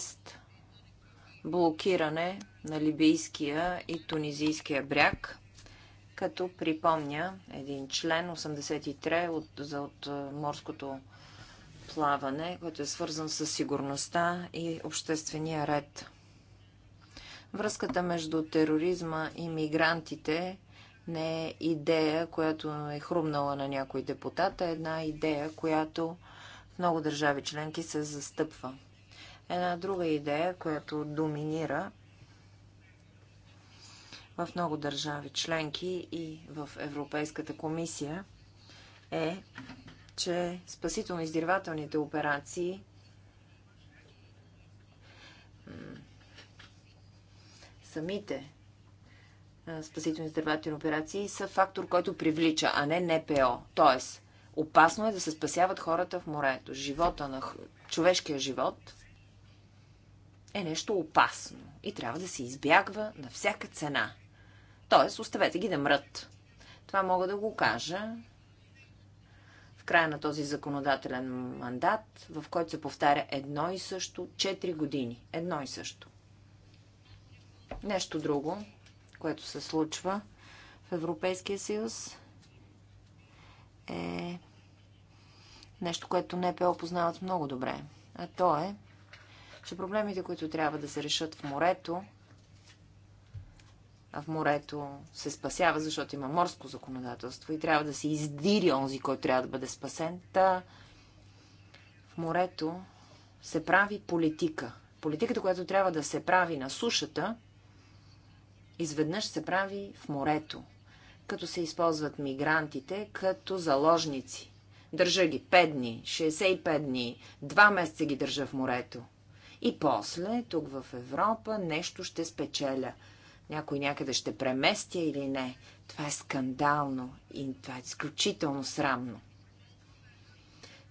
блокиране на либийския и тунизийския бряг, като припомня един член 83 от, за, от морското плаване, който е свързан с сигурността и обществения ред. Връзката между тероризма и мигрантите не е идея, която е хрумнала на някой депутат, а е една идея, която в много държави членки се застъпва. Една друга идея, която доминира в много държави членки и в Европейската комисия е, че спасително-издирвателните операции самите спасителни здравателни операции са фактор, който привлича, а не НПО. Тоест, опасно е да се спасяват хората в морето. Живота на човешкия живот е нещо опасно и трябва да се избягва на всяка цена. Тоест, оставете ги да мрат. Това мога да го кажа в края на този законодателен мандат, в който се повтаря едно и също 4 години. Едно и също. Нещо друго, което се случва в Европейския съюз е нещо, което НПО познават много добре. А то е, че проблемите, които трябва да се решат в морето, а в морето се спасява, защото има морско законодателство и трябва да се издири онзи, който трябва да бъде спасен. Та в морето се прави политика. Политиката, която трябва да се прави на сушата – изведнъж се прави в морето, като се използват мигрантите като заложници. Държа ги 5 дни, 65 дни, 2 месеца ги държа в морето. И после, тук в Европа, нещо ще спечеля. Някой някъде ще преместя или не. Това е скандално и това е изключително срамно.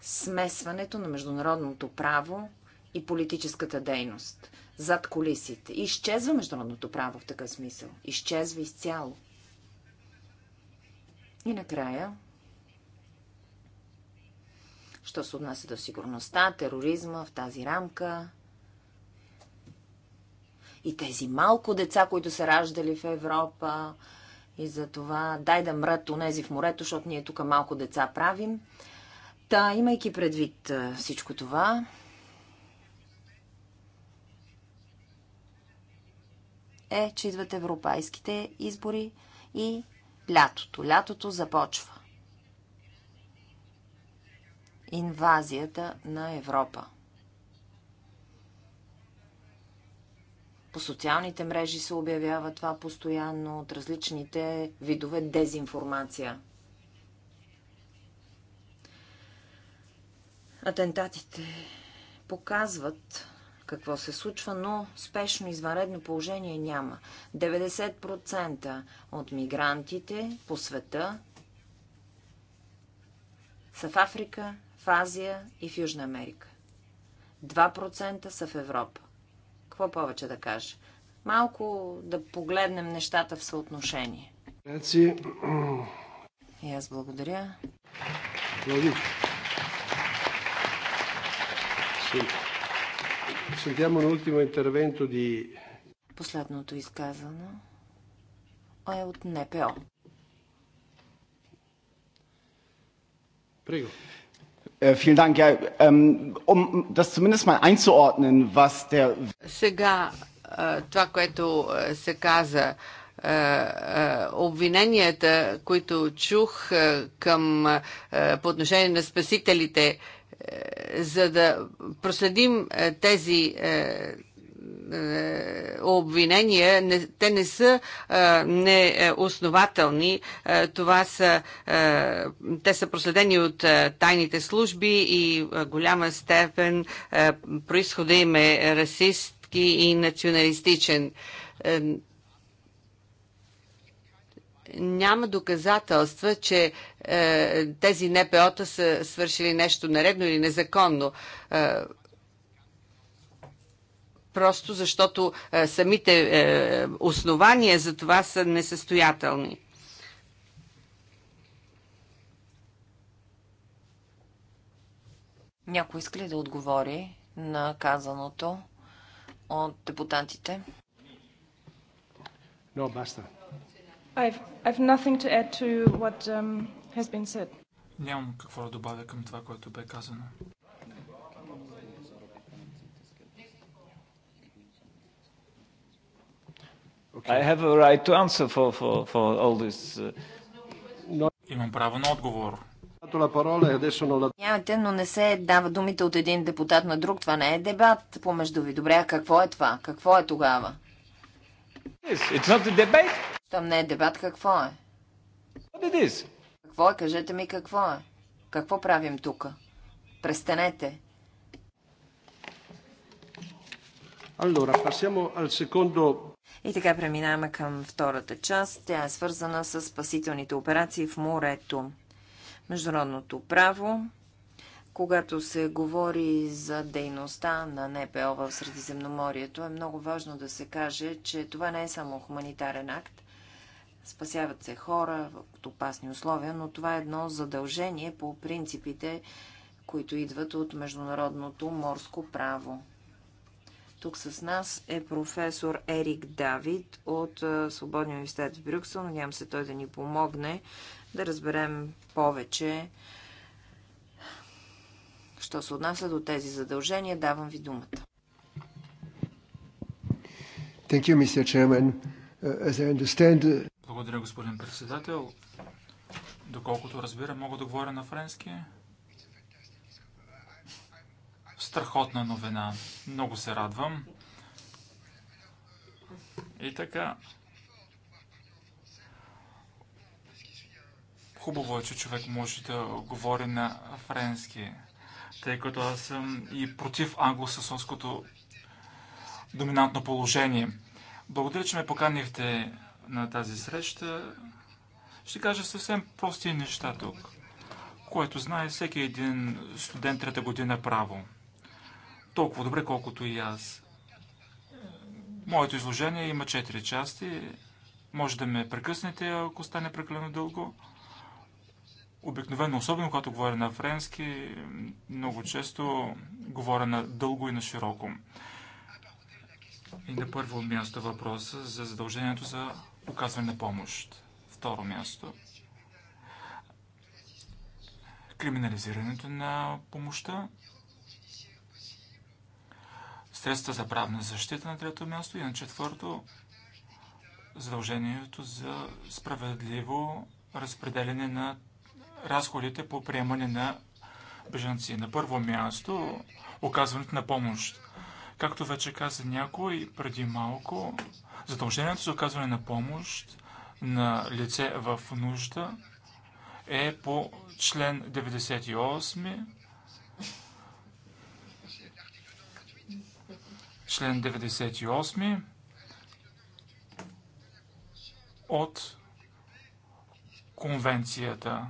Смесването на международното право и политическата дейност – зад колисите. И изчезва международното право в такъв смисъл. Изчезва изцяло. И накрая, що се отнася до сигурността, тероризма в тази рамка, и тези малко деца, които са раждали в Европа, и за това дай да мрат онези в морето, защото ние тук малко деца правим. Та, имайки предвид всичко това, е, че идват европейските избори и лятото. Лятото започва. Инвазията на Европа. По социалните мрежи се обявява това постоянно от различните видове дезинформация. Атентатите показват, какво се случва, но спешно извънредно положение няма. 90% от мигрантите по света са в Африка, в Азия и в Южна Америка. 2% са в Европа. Какво повече да кажа? Малко да погледнем нещата в съотношение. И аз благодаря. Благодаря. Sentiamo un ultimo intervento di... Последното изказано е от НПО. Prego. Vielen Dank. Ja, um das zumindest mal einzuordnen, was der... Сега е, това, което е, се каза, е, обвиненията, които чух към, по отношение на спасителите, е, за да проследим е, тези е, обвинения, те не са неоснователни. това са, те са проследени от тайните служби и голяма степен происхода им е расистки и националистичен няма доказателства, че е, тези НПО-та са свършили нещо наредно или незаконно. Е, просто защото е, самите е, основания за това са несъстоятелни. Някой иска ли да отговори на казаното от депутатите? No, баща. I've, I've nothing to add to what um, has been said. Нямам какво да добавя към това, което бе казано. I have a right to answer for, for, for all this. Uh, Имам право на отговор. Нямате, но не се дава думите от един депутат на друг. Това не е дебат помежду ви. Добре, а какво е това? Какво е тогава? It's not a debate. Там не е дебат, какво е? Какво е? Кажете ми какво е. Какво правим тук? Престанете. Allora, passiamo al secondo и така преминаваме към втората част. Тя е свързана с спасителните операции в морето. Международното право. Когато се говори за дейността на НПО в Средиземноморието, е много важно да се каже, че това не е само хуманитарен акт, Спасяват се хора от опасни условия, но това е едно задължение по принципите, които идват от международното морско право. Тук с нас е професор Ерик Давид от Свободния университет в Брюксел. Надявам се той да ни помогне да разберем повече. Що се отнася до тези задължения, давам ви думата. Thank you, Mr. Chairman. Uh, as I understand, uh, благодаря, господин председател. Доколкото разбира, мога да говоря на френски. Страхотна новина. Много се радвам. И така. Хубаво е, че човек може да говори на френски, тъй като аз съм и против англосасонското доминантно положение. Благодаря, че ме поканихте на тази среща, ще кажа съвсем прости неща тук, което знае всеки един студент трета година право. Толкова добре, колкото и аз. Моето изложение има четири части. Може да ме прекъснете, ако стане прекалено дълго. Обикновено, особено когато говоря на френски, много често говоря на дълго и на широко. И на първо място въпроса за задължението за оказване на помощ. Второ място. Криминализирането на помощта. Средства за правна защита на трето място и на четвърто задължението за справедливо разпределение на разходите по приемане на бежанци. На първо място оказването на помощ. Както вече каза някой преди малко, Задължението за оказване на помощ на лице в нужда е по член 98, член 98 от конвенцията,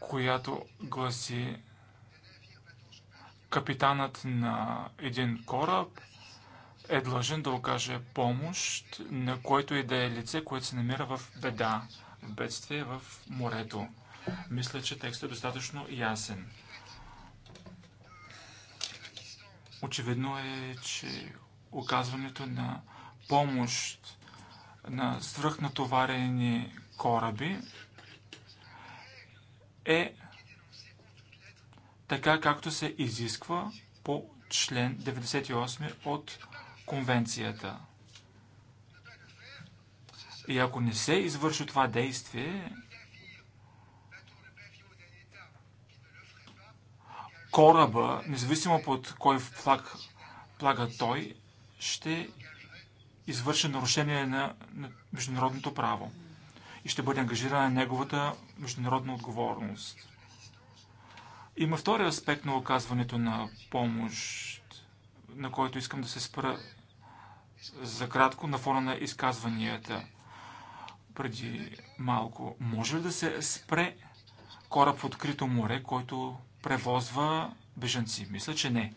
която гласи капитанът на един кораб – е длъжен да окаже помощ на което и да е лице, което се намира в беда, в бедствие, в морето. Мисля, че текстът е достатъчно ясен. Очевидно е, че оказването на помощ на свръхнатоварени кораби е така както се изисква по член 98 от конвенцията. И ако не се извърши това действие, кораба, независимо под кой флаг плага той, ще извърши нарушение на, международното право и ще бъде ангажирана неговата международна отговорност. Има втори аспект на оказването на помощ на който искам да се спра за кратко на фона на изказванията преди малко. Може ли да се спре кораб в открито море, който превозва бежанци? Мисля, че не.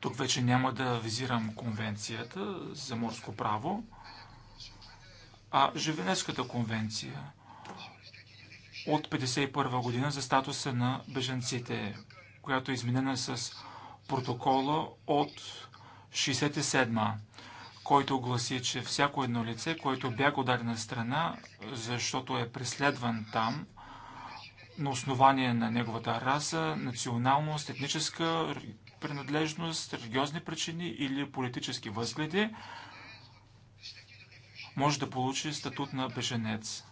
Тук вече няма да визирам конвенцията за морско право, а Живенецката конвенция от 1951 година за статуса на бежанците, която е изменена с протокола от 67 който гласи, че всяко едно лице, което бяга от дадена страна, защото е преследван там, на основание на неговата раса, националност, етническа принадлежност, религиозни причини или политически възгледи, може да получи статут на беженец.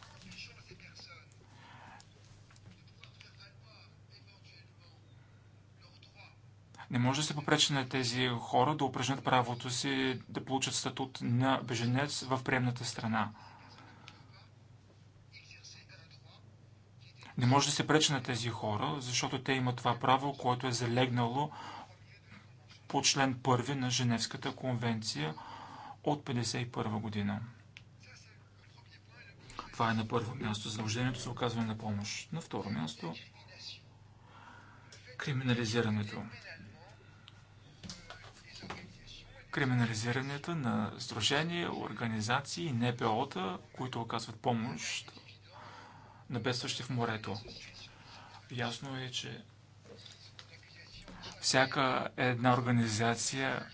Не може да се попречи на тези хора да упражнят правото си да получат статут на беженец в приемната страна. Не може да се пречи на тези хора, защото те имат това право, което е залегнало по член 1 на Женевската конвенция от 1951 година. Това е на първо място задължението за оказване на помощ. На второ място криминализирането криминализирането на сдружения, организации и НПО-та, които оказват помощ на бедстващи в морето. Ясно е, че всяка една организация,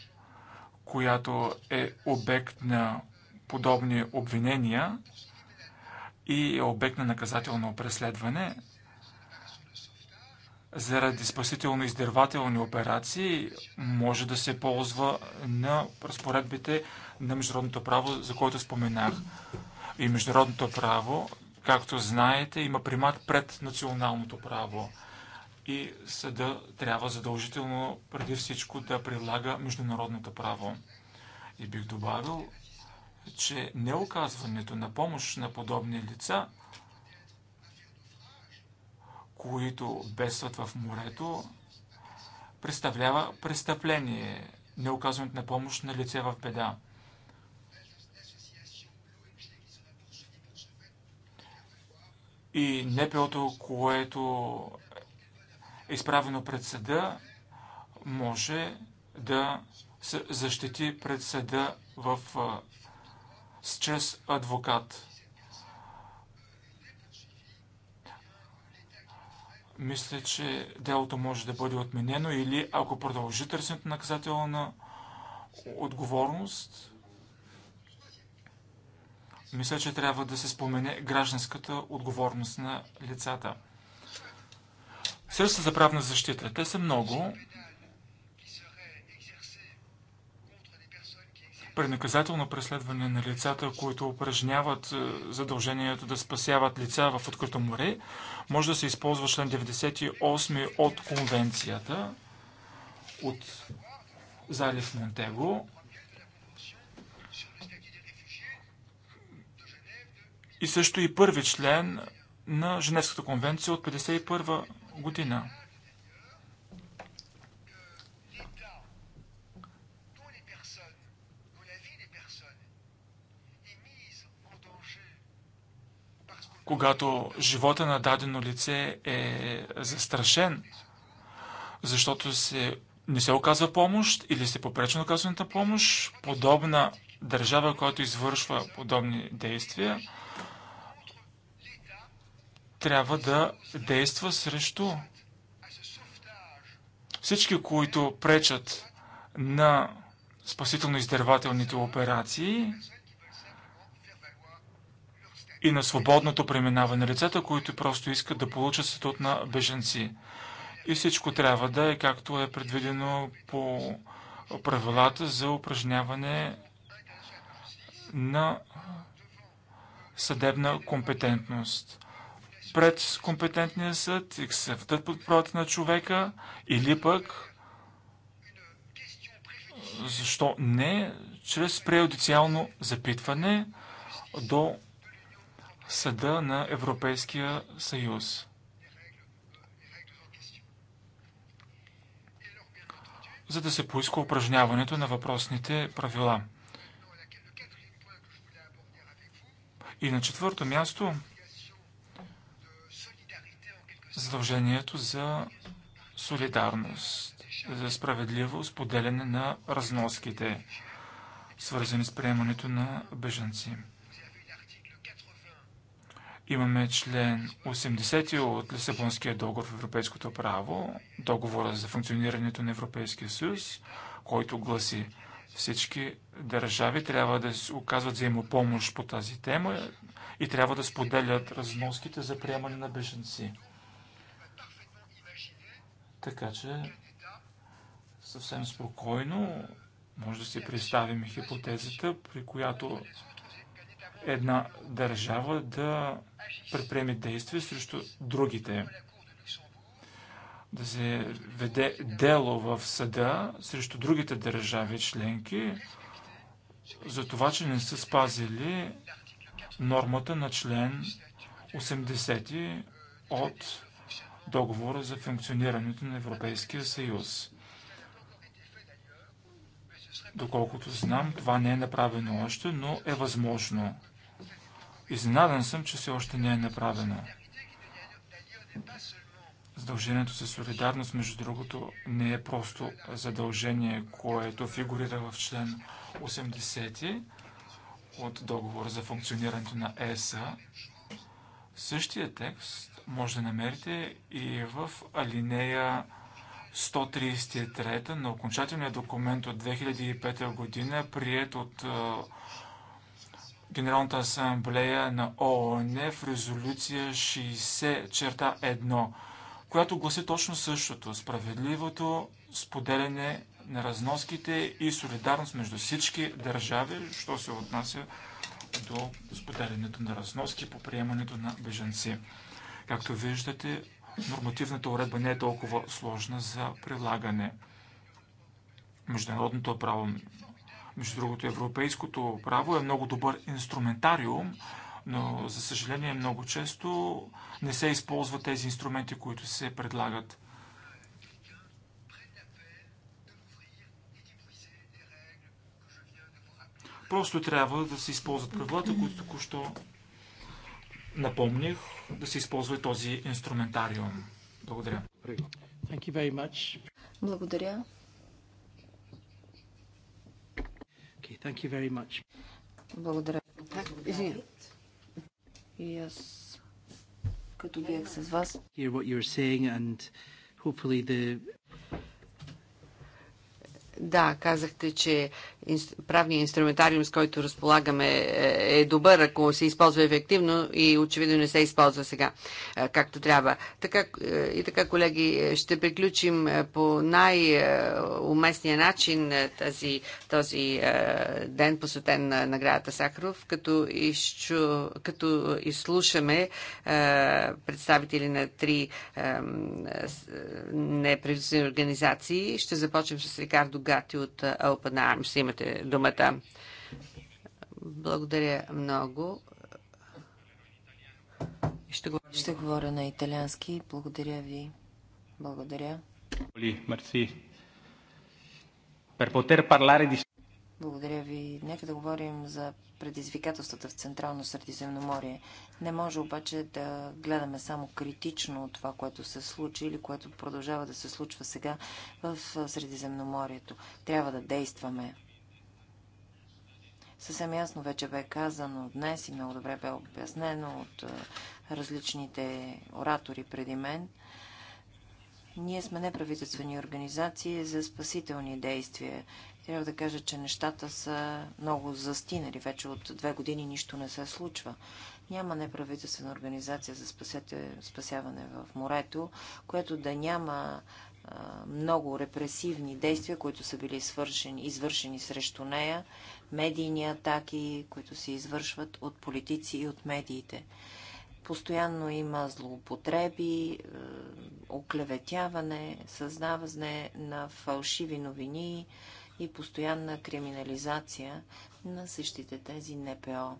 която е обект на подобни обвинения и е обект на наказателно преследване, заради спасително-издирвателни операции може да се ползва на разпоредбите на международното право, за което споменах. И международното право, както знаете, има примат пред националното право. И съда трябва задължително преди всичко да прилага международното право. И бих добавил, че неоказването на помощ на подобни лица – които бедстват в морето, представлява престъпление неоказването на помощ на лице в беда. И нпо което е изправено пред съда, може да се защити пред съда в, чрез адвокат. мисля, че делото може да бъде отменено или ако продължи търсенето на наказателна отговорност, мисля, че трябва да се спомене гражданската отговорност на лицата. Средства за правна защита. Те са много. при наказателно преследване на лицата, които упражняват е, задължението да спасяват лица в открито море, може да се използва член 98 от конвенцията от залив Монтего. И също и първи член на Женевската конвенция от 1951 година. когато живота на дадено лице е застрашен, защото се, не се оказва помощ или се попречва на оказването помощ, подобна държава, която извършва подобни действия, трябва да действа срещу всички, които пречат на спасително издервателните операции – и на свободното преминаване. Лицата, които просто искат да получат статут на беженци. И всичко трябва да е както е предвидено по правилата за упражняване на съдебна компетентност. Пред компетентния съд и се вдат под правата на човека или пък защо не, чрез преодициално запитване до Съда на Европейския съюз. за да се поиска упражняването на въпросните правила. И на четвърто място задължението за солидарност, за справедливо споделяне на разноските, свързани с приемането на бежанци. Имаме член 80 от Лисабонския договор в европейското право, договора за функционирането на Европейския съюз, който гласи всички държави трябва да се оказват взаимопомощ по тази тема и трябва да споделят разноските за приемане на беженци. Така че съвсем спокойно може да си представим хипотезата, при която една държава да предприеме действия срещу другите. Да се веде дело в съда срещу другите държави членки за това, че не са спазили нормата на член 80 от договора за функционирането на Европейския съюз. Доколкото знам, това не е направено още, но е възможно. Изненадан съм, че все още не е направено. Задължението за солидарност, между другото, не е просто задължение, което фигурира в член 80 от договора за функционирането на ЕСА. Същия текст може да намерите и в алинея 133 на окончателния документ от 2005 година, прият от Генералната асамблея на ООН в резолюция 60 черта 1, която гласи точно същото. Справедливото споделяне на разноските и солидарност между всички държави, що се отнася до споделянето на разноски по приемането на бежанци. Както виждате, нормативната уредба не е толкова сложна за прилагане. Международното право, между другото, европейското право е много добър инструментариум, но за съжаление много често не се използват тези инструменти, които се предлагат. Просто трябва да се използват правилата, които току-що напомних, да се използва и този инструментариум. Благодаря. Благодаря. Okay, thank you very much. Благодаря. И аз, като бях с вас, hear what you were saying and hopefully the... Да, казахте, че правния инструментариум, с който разполагаме, е, е добър, ако се използва ефективно и очевидно не се използва сега е, както трябва. Така, е, и така, колеги, ще приключим по най-уместния начин тази, този ден, посветен на наградата Сахаров, като, изчу, като изслушаме представители на три неправителствени организации. Ще започнем с Рикардо Гати от Open Arms. Има имате думата. Благодаря много. Ще говоря, Ще говоря на италиански. Благодаря ви. Благодаря. Благодаря ви. Нека да говорим за предизвикателствата в Централно Средиземноморие. Не може обаче да гледаме само критично това, което се случи или което продължава да се случва сега в Средиземноморието. Трябва да действаме. Съвсем ясно вече бе казано днес и много добре бе обяснено от е, различните оратори преди мен. Ние сме неправителствени организации за спасителни действия. Трябва да кажа, че нещата са много застинали. Вече от две години нищо не се случва. Няма неправителствена организация за спасяване в морето, което да няма много репресивни действия, които са били извършени срещу нея медийни атаки, които се извършват от политици и от медиите. Постоянно има злоупотреби, е, оклеветяване, създаване на фалшиви новини и постоянна криминализация на същите тези НПО.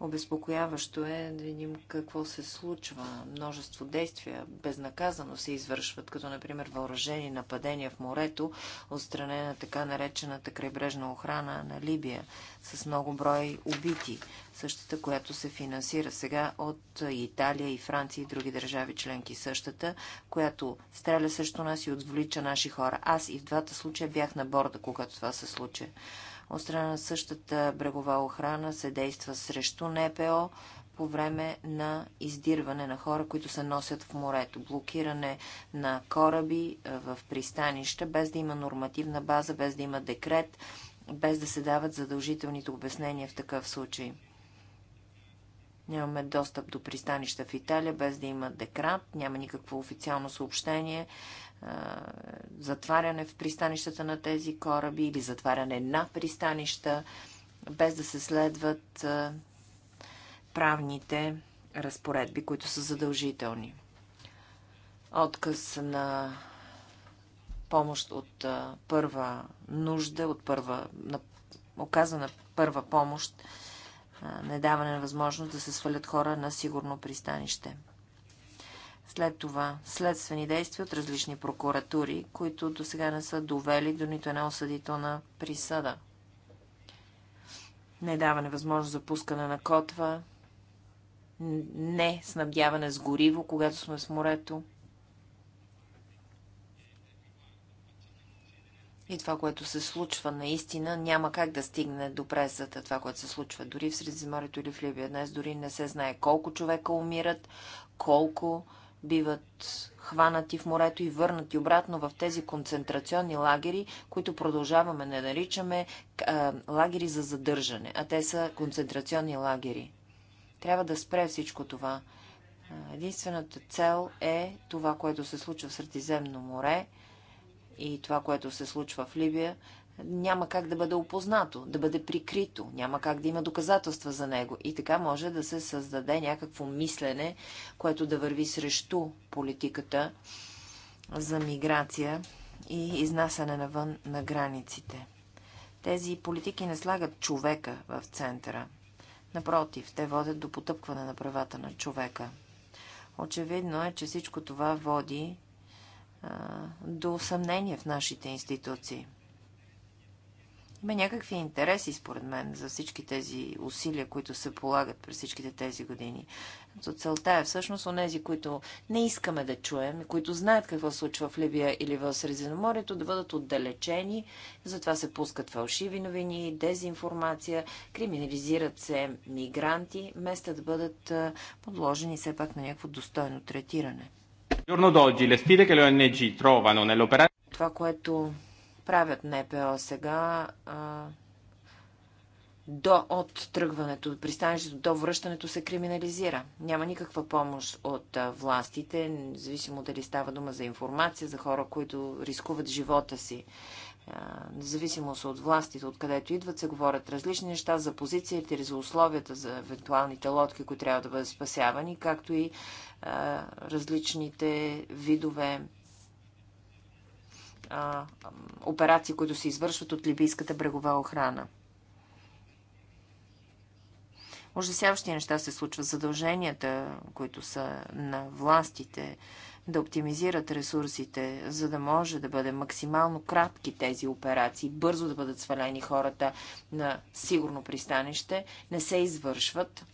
Обезпокояващо е да видим какво се случва. Множество действия безнаказано се извършват, като например въоръжени нападения в морето от страна на така наречената крайбрежна охрана на Либия с много брой убити, същата, която се финансира сега от Италия и Франция и други държави членки. Същата, която стреля срещу нас и отвлича наши хора. Аз и в двата случая бях на борда, когато това се случи. От страна на същата брегова охрана се действа срещу НПО по време на издирване на хора, които се носят в морето. Блокиране на кораби в пристанища, без да има нормативна база, без да има декрет, без да се дават задължителните обяснения в такъв случай. Нямаме достъп до пристанища в Италия, без да има декрат, няма никакво официално съобщение затваряне в пристанищата на тези кораби или затваряне на пристанища, без да се следват правните разпоредби, които са задължителни. Отказ на помощ от първа нужда, от първа, на, оказана първа помощ, не даване на възможност да се свалят хора на сигурно пристанище. След това следствени действия от различни прокуратури, които до сега не са довели до нито една осъдителна присъда. Не даване възможност за пускане на котва, не снабдяване с гориво, когато сме с морето. И това, което се случва наистина, няма как да стигне до пресата. Това, което се случва дори в Средиземорието или в Либия днес, дори не се знае колко човека умират, колко биват хванати в морето и върнати обратно в тези концентрационни лагери, които продължаваме да наричаме а, лагери за задържане, а те са концентрационни лагери. Трябва да спре всичко това. Единствената цел е това, което се случва в Средиземно море и това, което се случва в Либия, няма как да бъде опознато, да бъде прикрито, няма как да има доказателства за него. И така може да се създаде някакво мислене, което да върви срещу политиката за миграция и изнасяне навън на границите. Тези политики не слагат човека в центъра. Напротив, те водят до потъпкване на правата на човека. Очевидно е, че всичко това води а, до съмнение в нашите институции – има някакви интереси, според мен, за всички тези усилия, които се полагат през всичките тези години. То целта е всъщност онези, които не искаме да чуем, които знаят какво случва в Либия или в Средиземноморието, да бъдат отдалечени. Затова се пускат фалшиви новини, дезинформация, криминализират се мигранти, вместо да бъдат подложени все пак на някакво достойно третиране. Това, което правят НПО сега а, до от тръгването пристанището до връщането се криминализира. Няма никаква помощ от а, властите, независимо дали става дума за информация, за хора, които рискуват живота си. А, независимо са от властите, откъдето идват, се говорят различни неща за позициите или за условията за евентуалните лодки, които трябва да бъдат спасявани, както и а, различните видове а, операции, които се извършват от либийската брегова охрана. Ужасяващи неща се случват. Задълженията, които са на властите, да оптимизират ресурсите, за да може да бъде максимално кратки тези операции, бързо да бъдат свалени хората на сигурно пристанище, не се извършват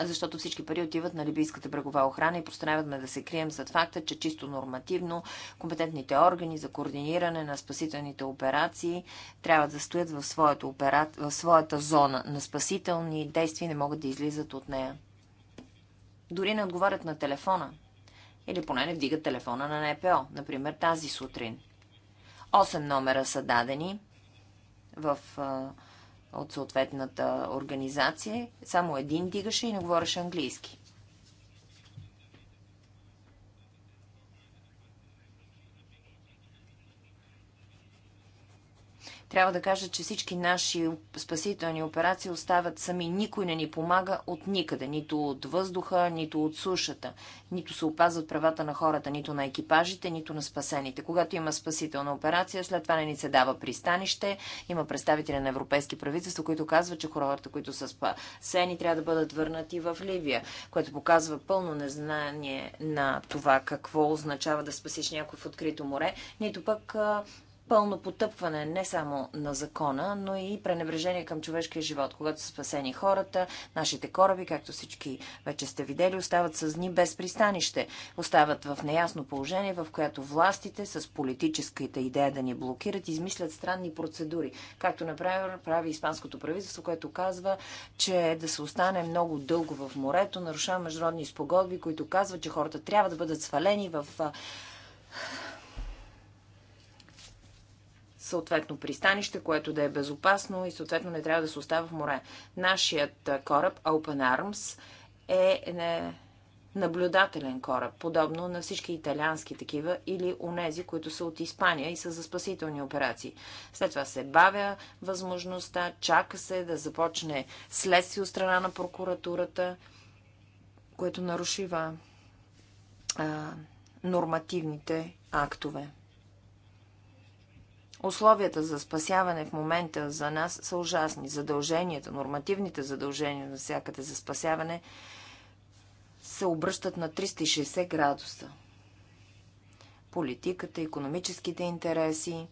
защото всички пари отиват на либийската брегова охрана и постановяваме да се крием зад факта, че чисто нормативно компетентните органи за координиране на спасителните операции трябва да стоят в своята, опера... в своята зона на спасителни действия не могат да излизат от нея. Дори не отговарят на телефона. Или поне не вдигат телефона на НПО, например тази сутрин. Осем номера са дадени в от съответната организация. Само един дигаше и не говореше английски. Трябва да кажа, че всички наши спасителни операции остават сами. Никой не ни помага от никъде, нито от въздуха, нито от сушата, нито се опазват правата на хората, нито на екипажите, нито на спасените. Когато има спасителна операция, след това не ни се дава пристанище. Има представители на европейски правителства, които казват, че хората, които са спасени, трябва да бъдат върнати в Ливия, което показва пълно незнание на това какво означава да спасиш някой в открито море, нито пък пълно потъпване не само на закона, но и пренебрежение към човешкия живот. Когато са спасени хората, нашите кораби, както всички вече сте видели, остават с дни без пристанище. Остават в неясно положение, в което властите с политическата идея да ни блокират, измислят странни процедури. Както, например, прави испанското правителство, което казва, че да се остане много дълго в морето, нарушава международни спогодби, които казват, че хората трябва да бъдат свалени в съответно пристанище, което да е безопасно и съответно не трябва да се остава в море. Нашият кораб Open Arms е не, наблюдателен кораб, подобно на всички италиански такива или унези, които са от Испания и са за спасителни операции. След това се бавя възможността, чака се да започне следствие от страна на прокуратурата, което нарушива а, нормативните актове. Условията за спасяване в момента за нас са ужасни. Задълженията, нормативните задължения на всякъде за спасяване се обръщат на 360 градуса. Политиката, економическите интереси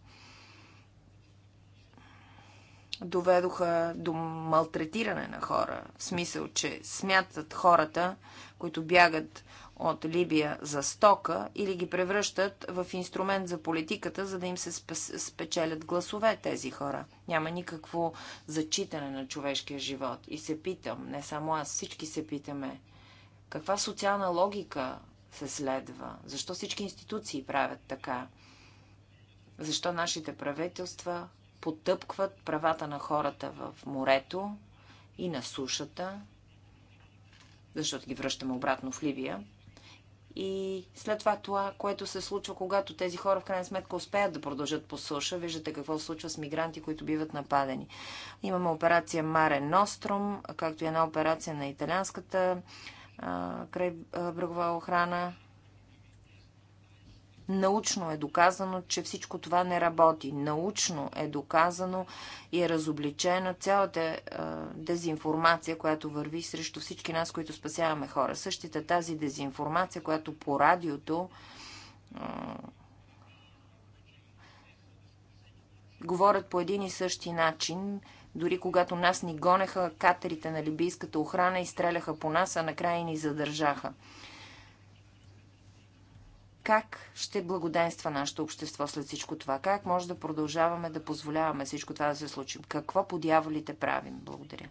доведоха до малтретиране на хора. В смисъл, че смятат хората, които бягат от Либия за стока или ги превръщат в инструмент за политиката, за да им се спечелят гласове тези хора. Няма никакво зачитане на човешкия живот. И се питам, не само аз, всички се питаме, каква социална логика се следва? Защо всички институции правят така? Защо нашите правителства потъпкват правата на хората в морето и на сушата, защото ги връщаме обратно в Ливия? И след това това, което се случва, когато тези хора в крайна сметка успеят да продължат по суша, виждате какво се случва с мигранти, които биват нападени. Имаме операция Маре Ностром, както и една операция на италианската а, край а, брегова охрана, Научно е доказано, че всичко това не работи. Научно е доказано и е разобличена цялата е, дезинформация, която върви срещу всички нас, които спасяваме хора. Същата тази дезинформация, която по радиото е, говорят по един и същи начин, дори когато нас ни гонеха катерите на либийската охрана и стреляха по нас, а накрая ни задържаха как ще благоденства нашето общество след всичко това? Как може да продължаваме да позволяваме всичко това да се случи? Какво по дяволите правим? Благодаря.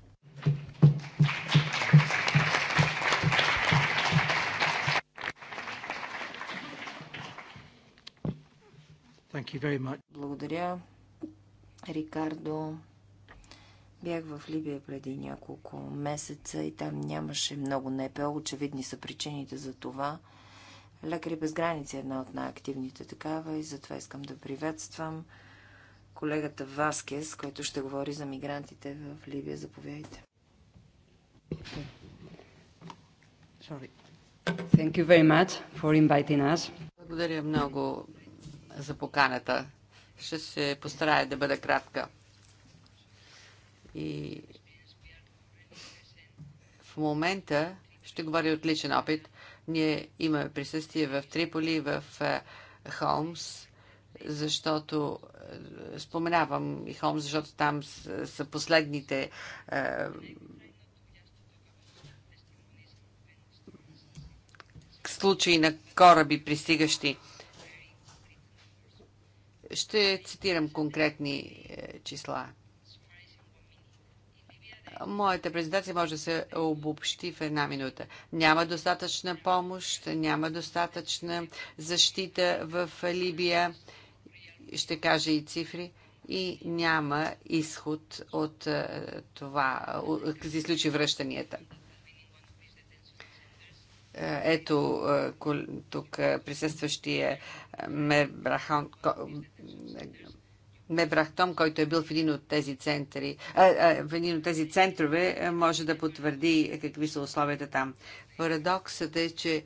Благодаря, Рикардо. Бях в Либия преди няколко месеца и там нямаше много НПО. Очевидни са причините за това. Лекари без граници е една от най-активните такава и затова искам да приветствам колегата Васкес, който ще говори за мигрантите в Либия. Заповядайте. Sorry. Thank you very much for inviting us. Благодаря много за поканата. Ще се постарая да бъда кратка. И в момента ще говоря от личен опит. Ние имаме присъствие в Триполи, в е, Холмс, защото е, споменавам и Холмс, защото там са последните е, случаи на кораби пристигащи. Ще цитирам конкретни числа. Моята презентация може да се обобщи в една минута. Няма достатъчна помощ, няма достатъчна защита в Либия, ще кажа и цифри, и няма изход от е, това, като изключи връщанията. Е, ето е, тук присъстващия Мер Брахан Мебрахтом, който е бил в един от тези центри, а, а, в един от тези центрове, може да потвърди какви са условията там. Парадоксът е, че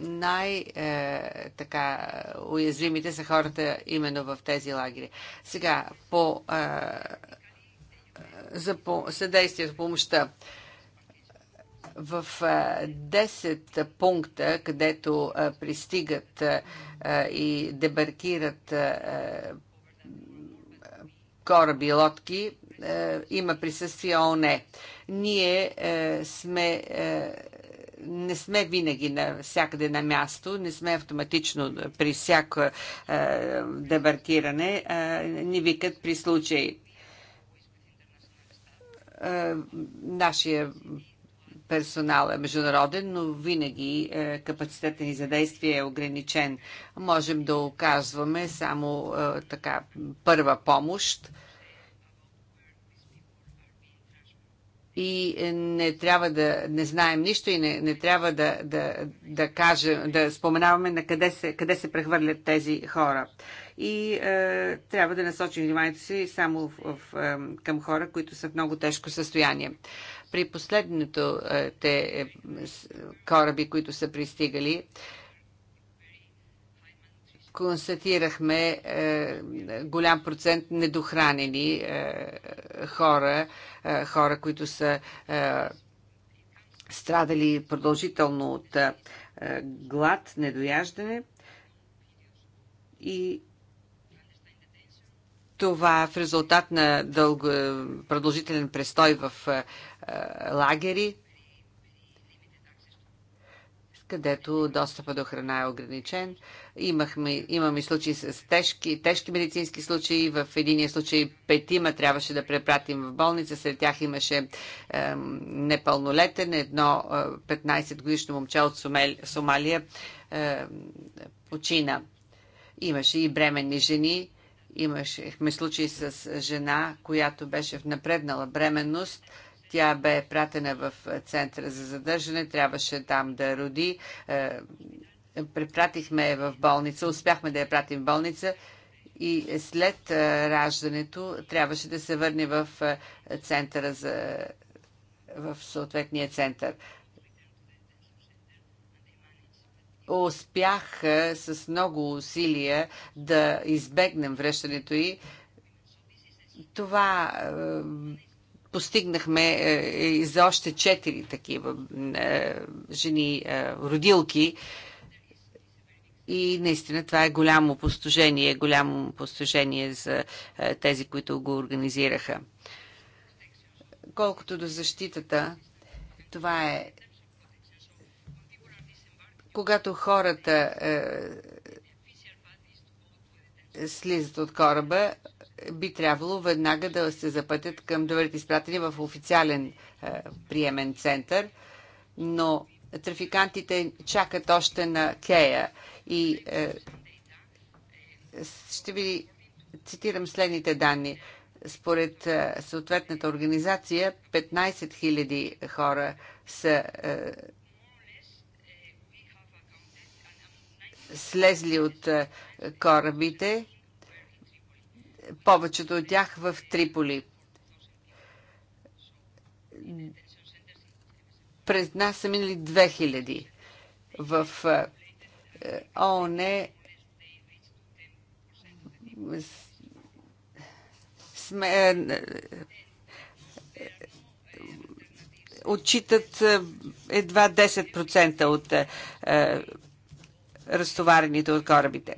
най-така е, уязвимите са хората именно в тези лагери. Сега, по, е, за по, съдействието, помощта в 10 е, пункта, където е, пристигат и дебаркират кораби и лодки е, има присъствие ООН. Ние е, сме, е, не сме винаги навсякъде на място, не сме автоматично при всяко дебартиране, ни викат при случай. нашия персонал е международен, но винаги е, капацитетът ни за действие е ограничен. Можем да оказваме само е, така първа помощ. и е, не трябва да не знаем нищо и не, не трябва да, да, да кажем, да споменаваме на къде се, къде се прехвърлят тези хора. И е, трябва да насочим вниманието си само в, в, е, към хора, които са в много тежко състояние при последното е, те е, кораби, които са пристигали, констатирахме е, голям процент недохранени е, хора, е, хора, които са е, страдали продължително от е, глад, недояждане и това в резултат на дълго, е, продължителен престой в е, е, лагери, където достъпа до храна е ограничен. Имахме, имаме случаи с тежки, тежки медицински случаи. В единия случай петима трябваше да препратим в болница. Сред тях имаше е, непълнолетен, едно е, 15-годишно момче от Сомалия е, почина. Имаше и бременни жени, Имахме случай с жена, която беше в напреднала бременност. Тя бе пратена в центъра за задържане, трябваше там да роди. Е, препратихме я в болница, успяхме да я пратим в болница и след е, раждането трябваше да се върне в е, центъра за в съответния център успяха с много усилия да избегнем връщането и Това е, постигнахме е, е, и за още четири такива жени родилки. И наистина това е голямо постижение, голямо постижение за тези, които го организираха. Колкото до защитата, това е когато хората е, слизат от кораба, би трябвало веднага да се запътят към да бъдат изпратени в официален е, приемен център, но трафикантите чакат още на Кея и е, ще ви цитирам следните данни. Според е, съответната организация, 15 000 хора са е, слезли от е, корабите, повечето от тях в Триполи. През нас са минали 2000. В е, е, ООН сме, отчитат едва 10% от разтоварените от корабите.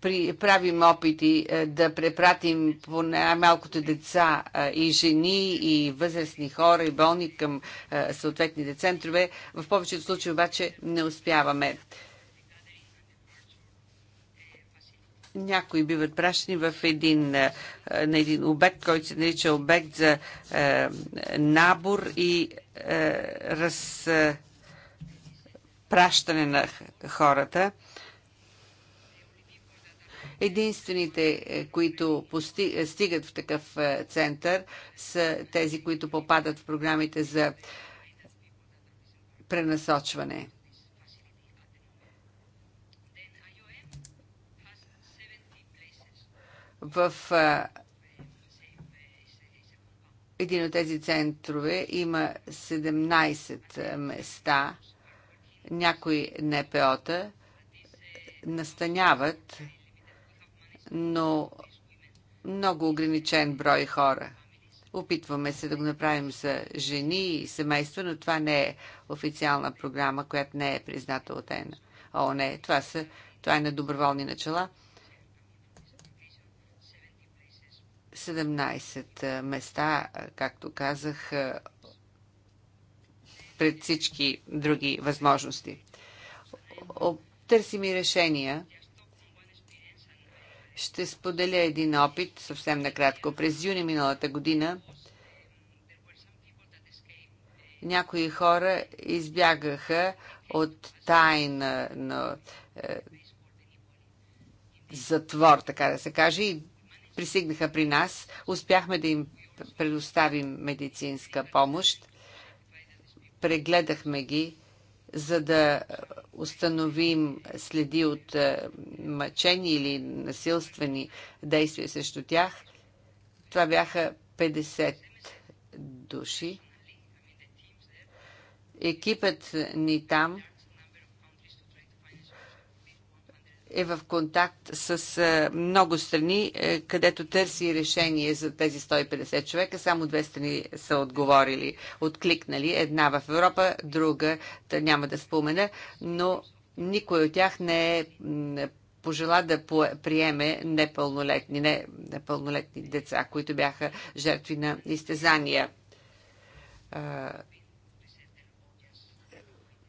при, правим опити е, да препратим по най-малкото деца е, и жени и възрастни хора и болни към е, съответните центрове. В повечето случаи обаче не успяваме. Някои биват пращани в един, е, на един обект, който се нарича обект за е, набор и е, разпращане на хората единствените, е, които е, стигат в такъв център, са тези, които попадат в програмите за пренасочване. В един от тези центрове има 17 места. Някои НПО-та настаняват, но много ограничен брой хора. Опитваме се да го направим за жени и семейства, но това не е официална програма, която не е призната от ОНЕ. Това, са, това е на доброволни начала – 17 места, както казах, пред всички други възможности. Търсим и решения. Ще споделя един опит съвсем накратко. През юни миналата година някои хора избягаха от тайна на е, затвор, така да се каже, и пристигнаха при нас. Успяхме да им предоставим медицинска помощ. Прегледахме ги, за да установим следи от е, мъчени или насилствени действия срещу тях. Това бяха 50 души. Екипът ни там – е в контакт с е, много страни, е, където търси решение за тези 150 човека. Само две страни са отговорили, откликнали. Една в Европа, друга няма да спомена, но никой от тях не е пожела да приеме непълнолетни, не, непълнолетни деца, които бяха жертви на изтезания е,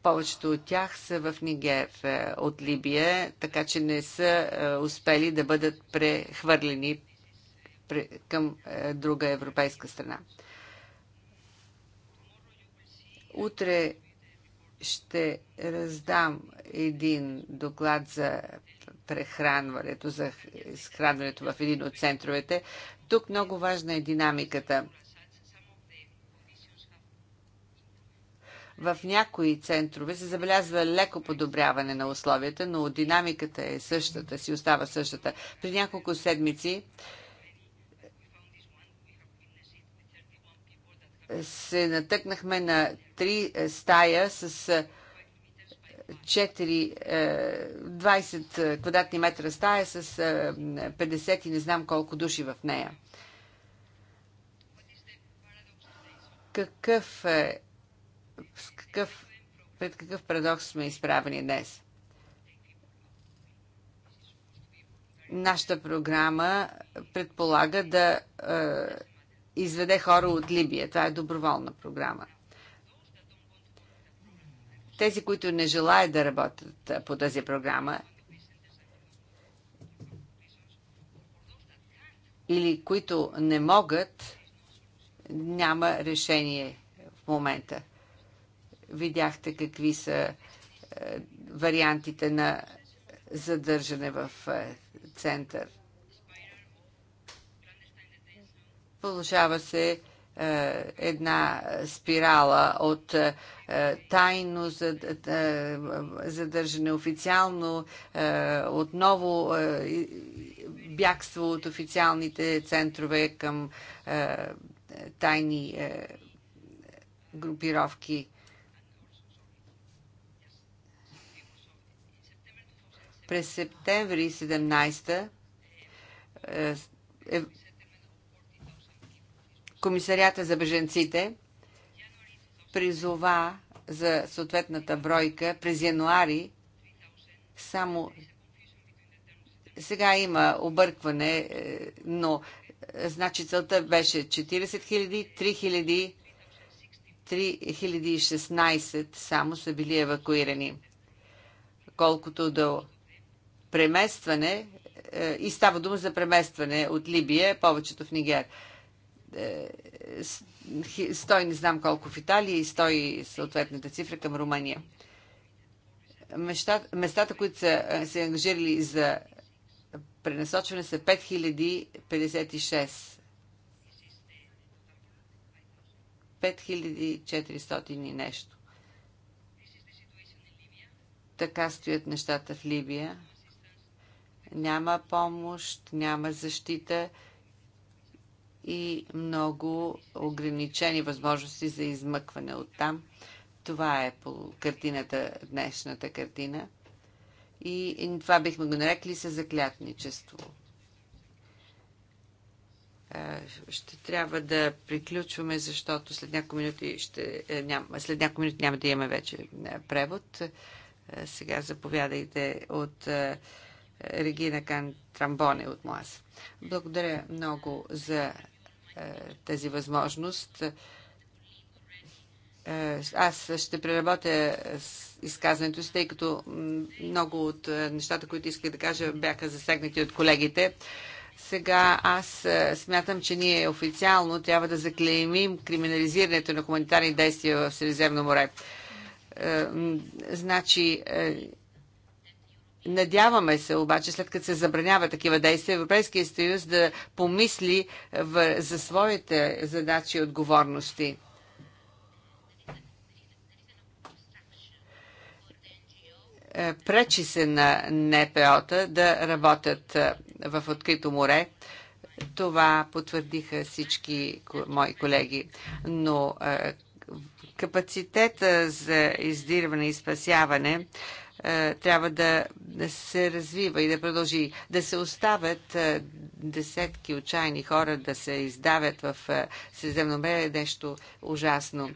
повечето от тях са в Нигер е, от Либия, така че не са е, успели да бъдат прехвърлени към е, друга европейска страна. Утре ще раздам един доклад за прехранването, за изхранването в един от центровете. Тук много важна е динамиката. В някои центрове се забелязва леко подобряване на условията, но динамиката е същата, си остава същата. При няколко седмици се натъкнахме на три е, стая с 4, е, 20 е, квадратни метра стая с 50 и не знам колко души в нея. Какъв е с какъв, пред какъв парадокс сме изправени днес. Нашата програма предполага да е, изведе хора от Либия. Това е доброволна програма. Тези, които не желаят да работят е, по тази програма, или които не могат, няма решение в момента. Видяхте какви са е, вариантите на задържане в е, център. Получава се е, една спирала от тайно задържане, официално отново бягство от официалните центрове към тайни групировки. През септември 17 е, е, комисарията за беженците призова за съответната бройка през януари само сега има объркване, е, но значи целта беше 40 000, 3 000 3016 само са били евакуирани. Колкото до преместване е, и става дума за преместване от Либия, повечето в Нигер. Е, стой не знам колко в Италия и стои съответната цифра към Румъния. Местата, местата които са е, се ангажирали за пренасочване са 5056. 5400 и нещо. Така стоят нещата в Либия няма помощ, няма защита и много ограничени възможности за измъкване от там. Това е по картината, днешната картина. И, и това бихме го нарекли със заклятничество. Е, ще трябва да приключваме, защото след няколко минути, ще, е, няма, след няколко минути няма да имаме вече е, превод. Сега заповядайте от Регина Кан Трамбоне от МОАС. Благодаря много за е, тази възможност. Е, аз ще преработя е, изказването си, тъй като много от нещата, които исках да кажа, бяха засегнати от колегите. Сега аз смятам, че ние официално трябва да заклеймим криминализирането на хуманитарни действия в Средиземно море. Значи, Надяваме се обаче, след като се забранява такива действия, Европейския съюз да помисли в, за своите задачи и отговорности. Е, пречи се на НПО-та да работят е, в открито море. Това потвърдиха всички мои колеги. Но е, капацитета за издирване и спасяване е, трябва да се развива и да продължи. Да се оставят е, десетки отчаяни хора да се издавят в е, Средиземноморие е нещо ужасно.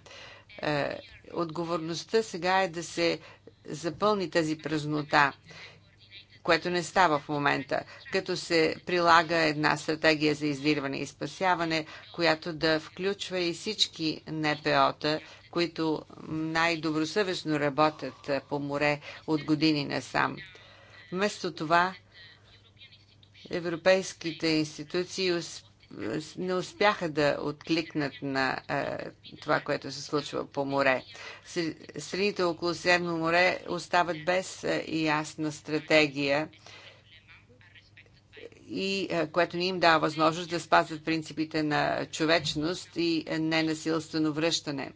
Отговорността сега е да се запълни тази празнота което не става в момента, като се прилага една стратегия за издирване и спасяване, която да включва и всички НПО-та които най-добросъвестно работят по море от години насам. Вместо това, европейските институции не успяха да откликнат на е, това, което се случва по море. Страните около Средно море остават без е, ясна стратегия и е, което ни им дава възможност да спазват принципите на човечност и ненасилствено връщане. Е,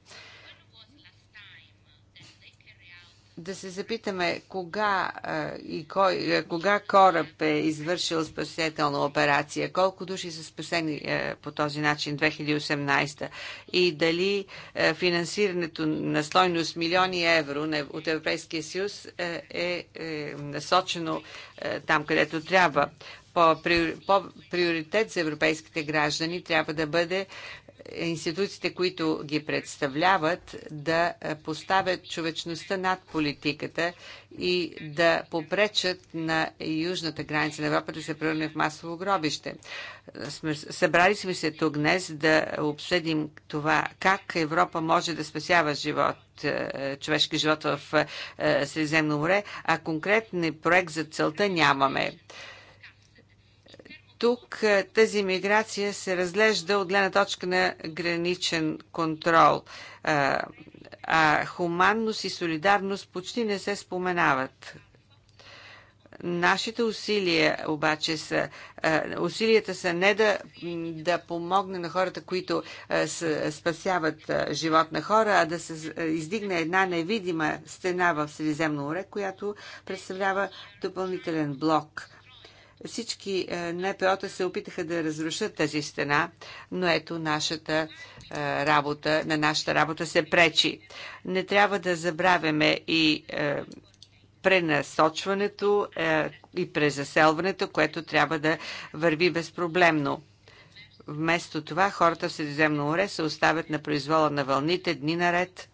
да се запитаме кога, и кой, кога кораб е извършил спасителна операция, колко души са спасени по този начин 2018 и дали финансирането на стойност милиони евро от Европейския съюз е, е, насочено там, където трябва по-приоритет за европейските граждани трябва да бъде институциите, които ги представляват, да поставят човечността над политиката и да попречат на южната граница на Европа да се превърне в масово гробище. Събрали сме се тук днес да обсъдим това как Европа може да спасява живот, е, човешки живот в е, Средиземно море, а конкретен проект за целта нямаме тук е, тази миграция се разглежда от гледна точка на граничен контрол, е, а хуманност и солидарност почти не се споменават. Нашите усилия обаче са, е, усилията са не да, да помогне на хората, които спасяват живот на хора, а да се издигне една невидима стена в Средиземно море, която представлява допълнителен блок всички е, НПО-та се опитаха да разрушат тази стена, но ето нашата е, работа, на нашата работа се пречи. Не трябва да забравяме и е, пренасочването и презаселването, което трябва да върви безпроблемно. Вместо това хората в Средиземно море се оставят на произвола на вълните дни наред,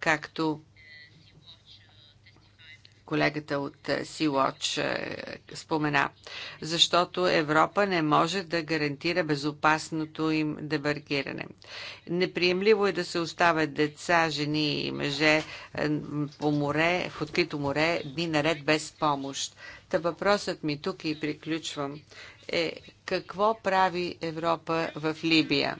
както колегата от е, Sea-Watch е, спомена. Защото Европа не може да гарантира безопасното им дебаркиране. Неприемливо е да се оставят деца, жени и мъже е, по море, в открито море, дни наред без помощ. Та въпросът ми тук и приключвам е какво прави Европа в Либия?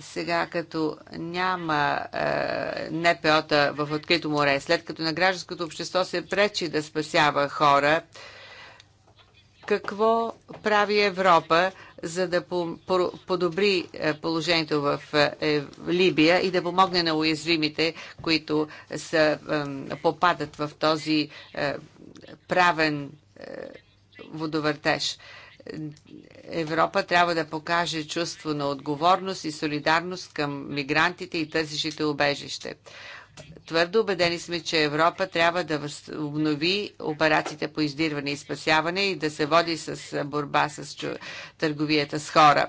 Сега, като няма е, НПО-та в открито море, след като на гражданското общество се пречи да спасява хора, какво прави Европа, за да подобри е, положението в е, е, Либия и да помогне на уязвимите, които са, попадат в този правен водовъртеж? Европа трябва да покаже чувство на отговорност и солидарност към мигрантите и търсещите убежище. Твърдо убедени сме, че Европа трябва да обнови операциите по издирване и спасяване и да се води с борба с търговията с хора.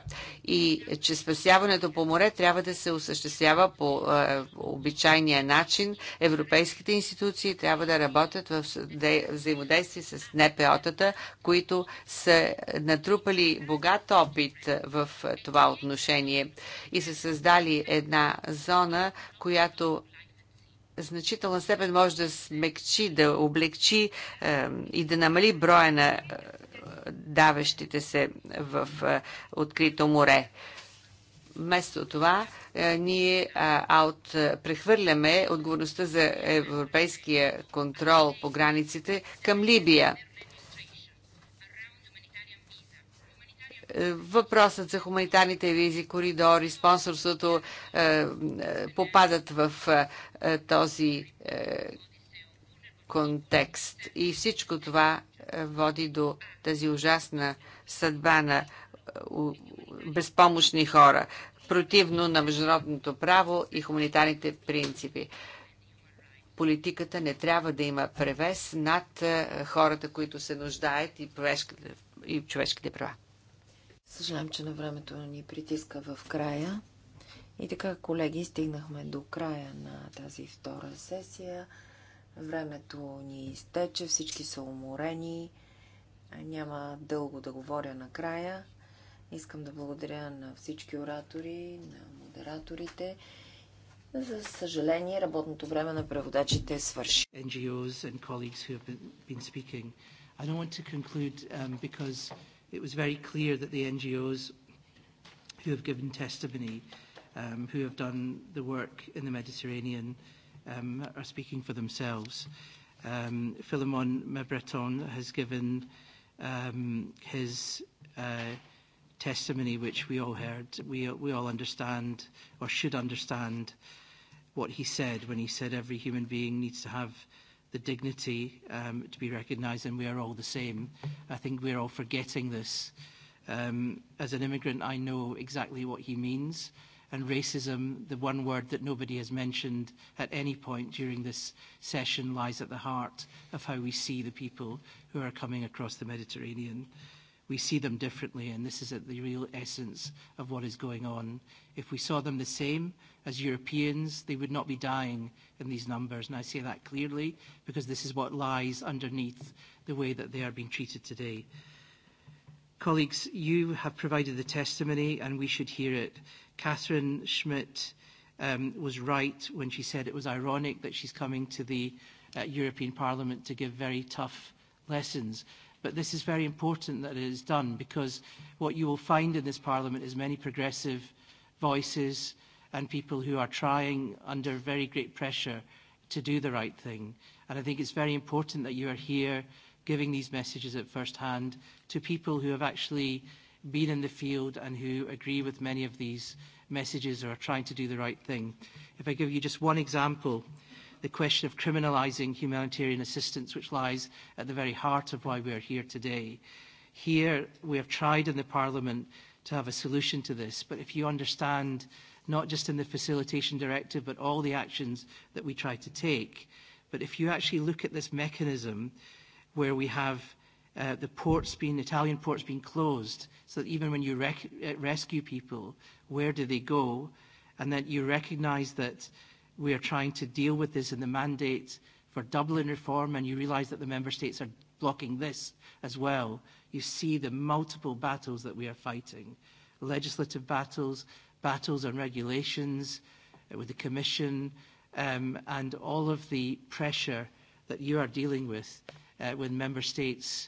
И е, че спасяването по море трябва да се осъществява по е, обичайния начин. Европейските институции трябва да работят в взаимодействие с НПО-тата, които са натрупали богат опит в е, това отношение и са създали една зона, която значителна степен може да смекчи, да облегчи е, и да намали броя на даващите давещите се в е, открито море. Вместо това, е, ние прехвърляме отговорността за европейския контрол по границите към Либия Е, въпросът за хуманитарните визи, коридори, спонсорството е, е, попадат в този контекст. И всичко това води до тази ужасна съдба на безпомощни хора, противно на международното право и хуманитарните принципи. Политиката не трябва да има превес над хората, които се нуждаят и човешките права. Съжалявам, че на времето ни притиска в края. И така, колеги, стигнахме до края на тази втора сесия. Времето ни изтече, всички са уморени. Няма дълго да говоря накрая. Искам да благодаря на всички оратори, на модераторите. За съжаление, работното време на преводачите е свърши. NGOs and colleagues who have been speaking. I don't want to conclude um, because it was very clear that the NGOs who have given testimony, um, who have done the work in the Mediterranean, um, are speaking for themselves. Um, Philemon Mabreton has given um, his uh, testimony, which we all heard. We, we all understand, or should understand, what he said when he said every human being needs to have the dignity um, to be recognised, and we are all the same. I think we're all forgetting this. Um, as an immigrant, I know exactly what he means. And racism, the one word that nobody has mentioned at any point during this session, lies at the heart of how we see the people who are coming across the Mediterranean. Uh, we see them differently, and this is at the real essence of what is going on. If we saw them the same as Europeans, they would not be dying in these numbers, and I say that clearly because this is what lies underneath the way that they are being treated today. Colleagues, you have provided the testimony, and we should hear it. Catherine Schmidt um, was right when she said it was ironic that she's coming to the uh, European Parliament to give very tough lessons But this is very important that it is done because what you will find in this Parliament is many progressive voices and people who are trying under very great pressure to do the right thing. And I think it's very important that you are here giving these messages at first hand to people who have actually been in the field and who agree with many of these messages or are trying to do the right thing. If I give you just one example, the question of criminalising humanitarian assistance, which lies at the very heart of why we are here today. Here, we have tried in the Parliament to have a solution to this, but if you understand, not just in the Facilitation Directive, but all the actions that we try to take, but if you actually look at this mechanism where we have uh, the ports being, Italian ports being closed, so that even when you rec- rescue people, where do they go? And that you recognise that We are trying to deal with this in the mandate for Dublin reform, and you realise that the member states are blocking this as well. You see the multiple battles that we are fighting legislative battles, battles on regulations with the Commission, um, and all of the pressure that you are dealing with uh, when member states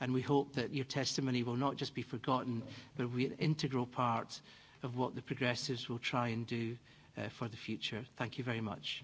and we hope that your testimony will not just be forgotten, but will be an integral part of what the progressives will try and do uh, for the future. Thank you very much.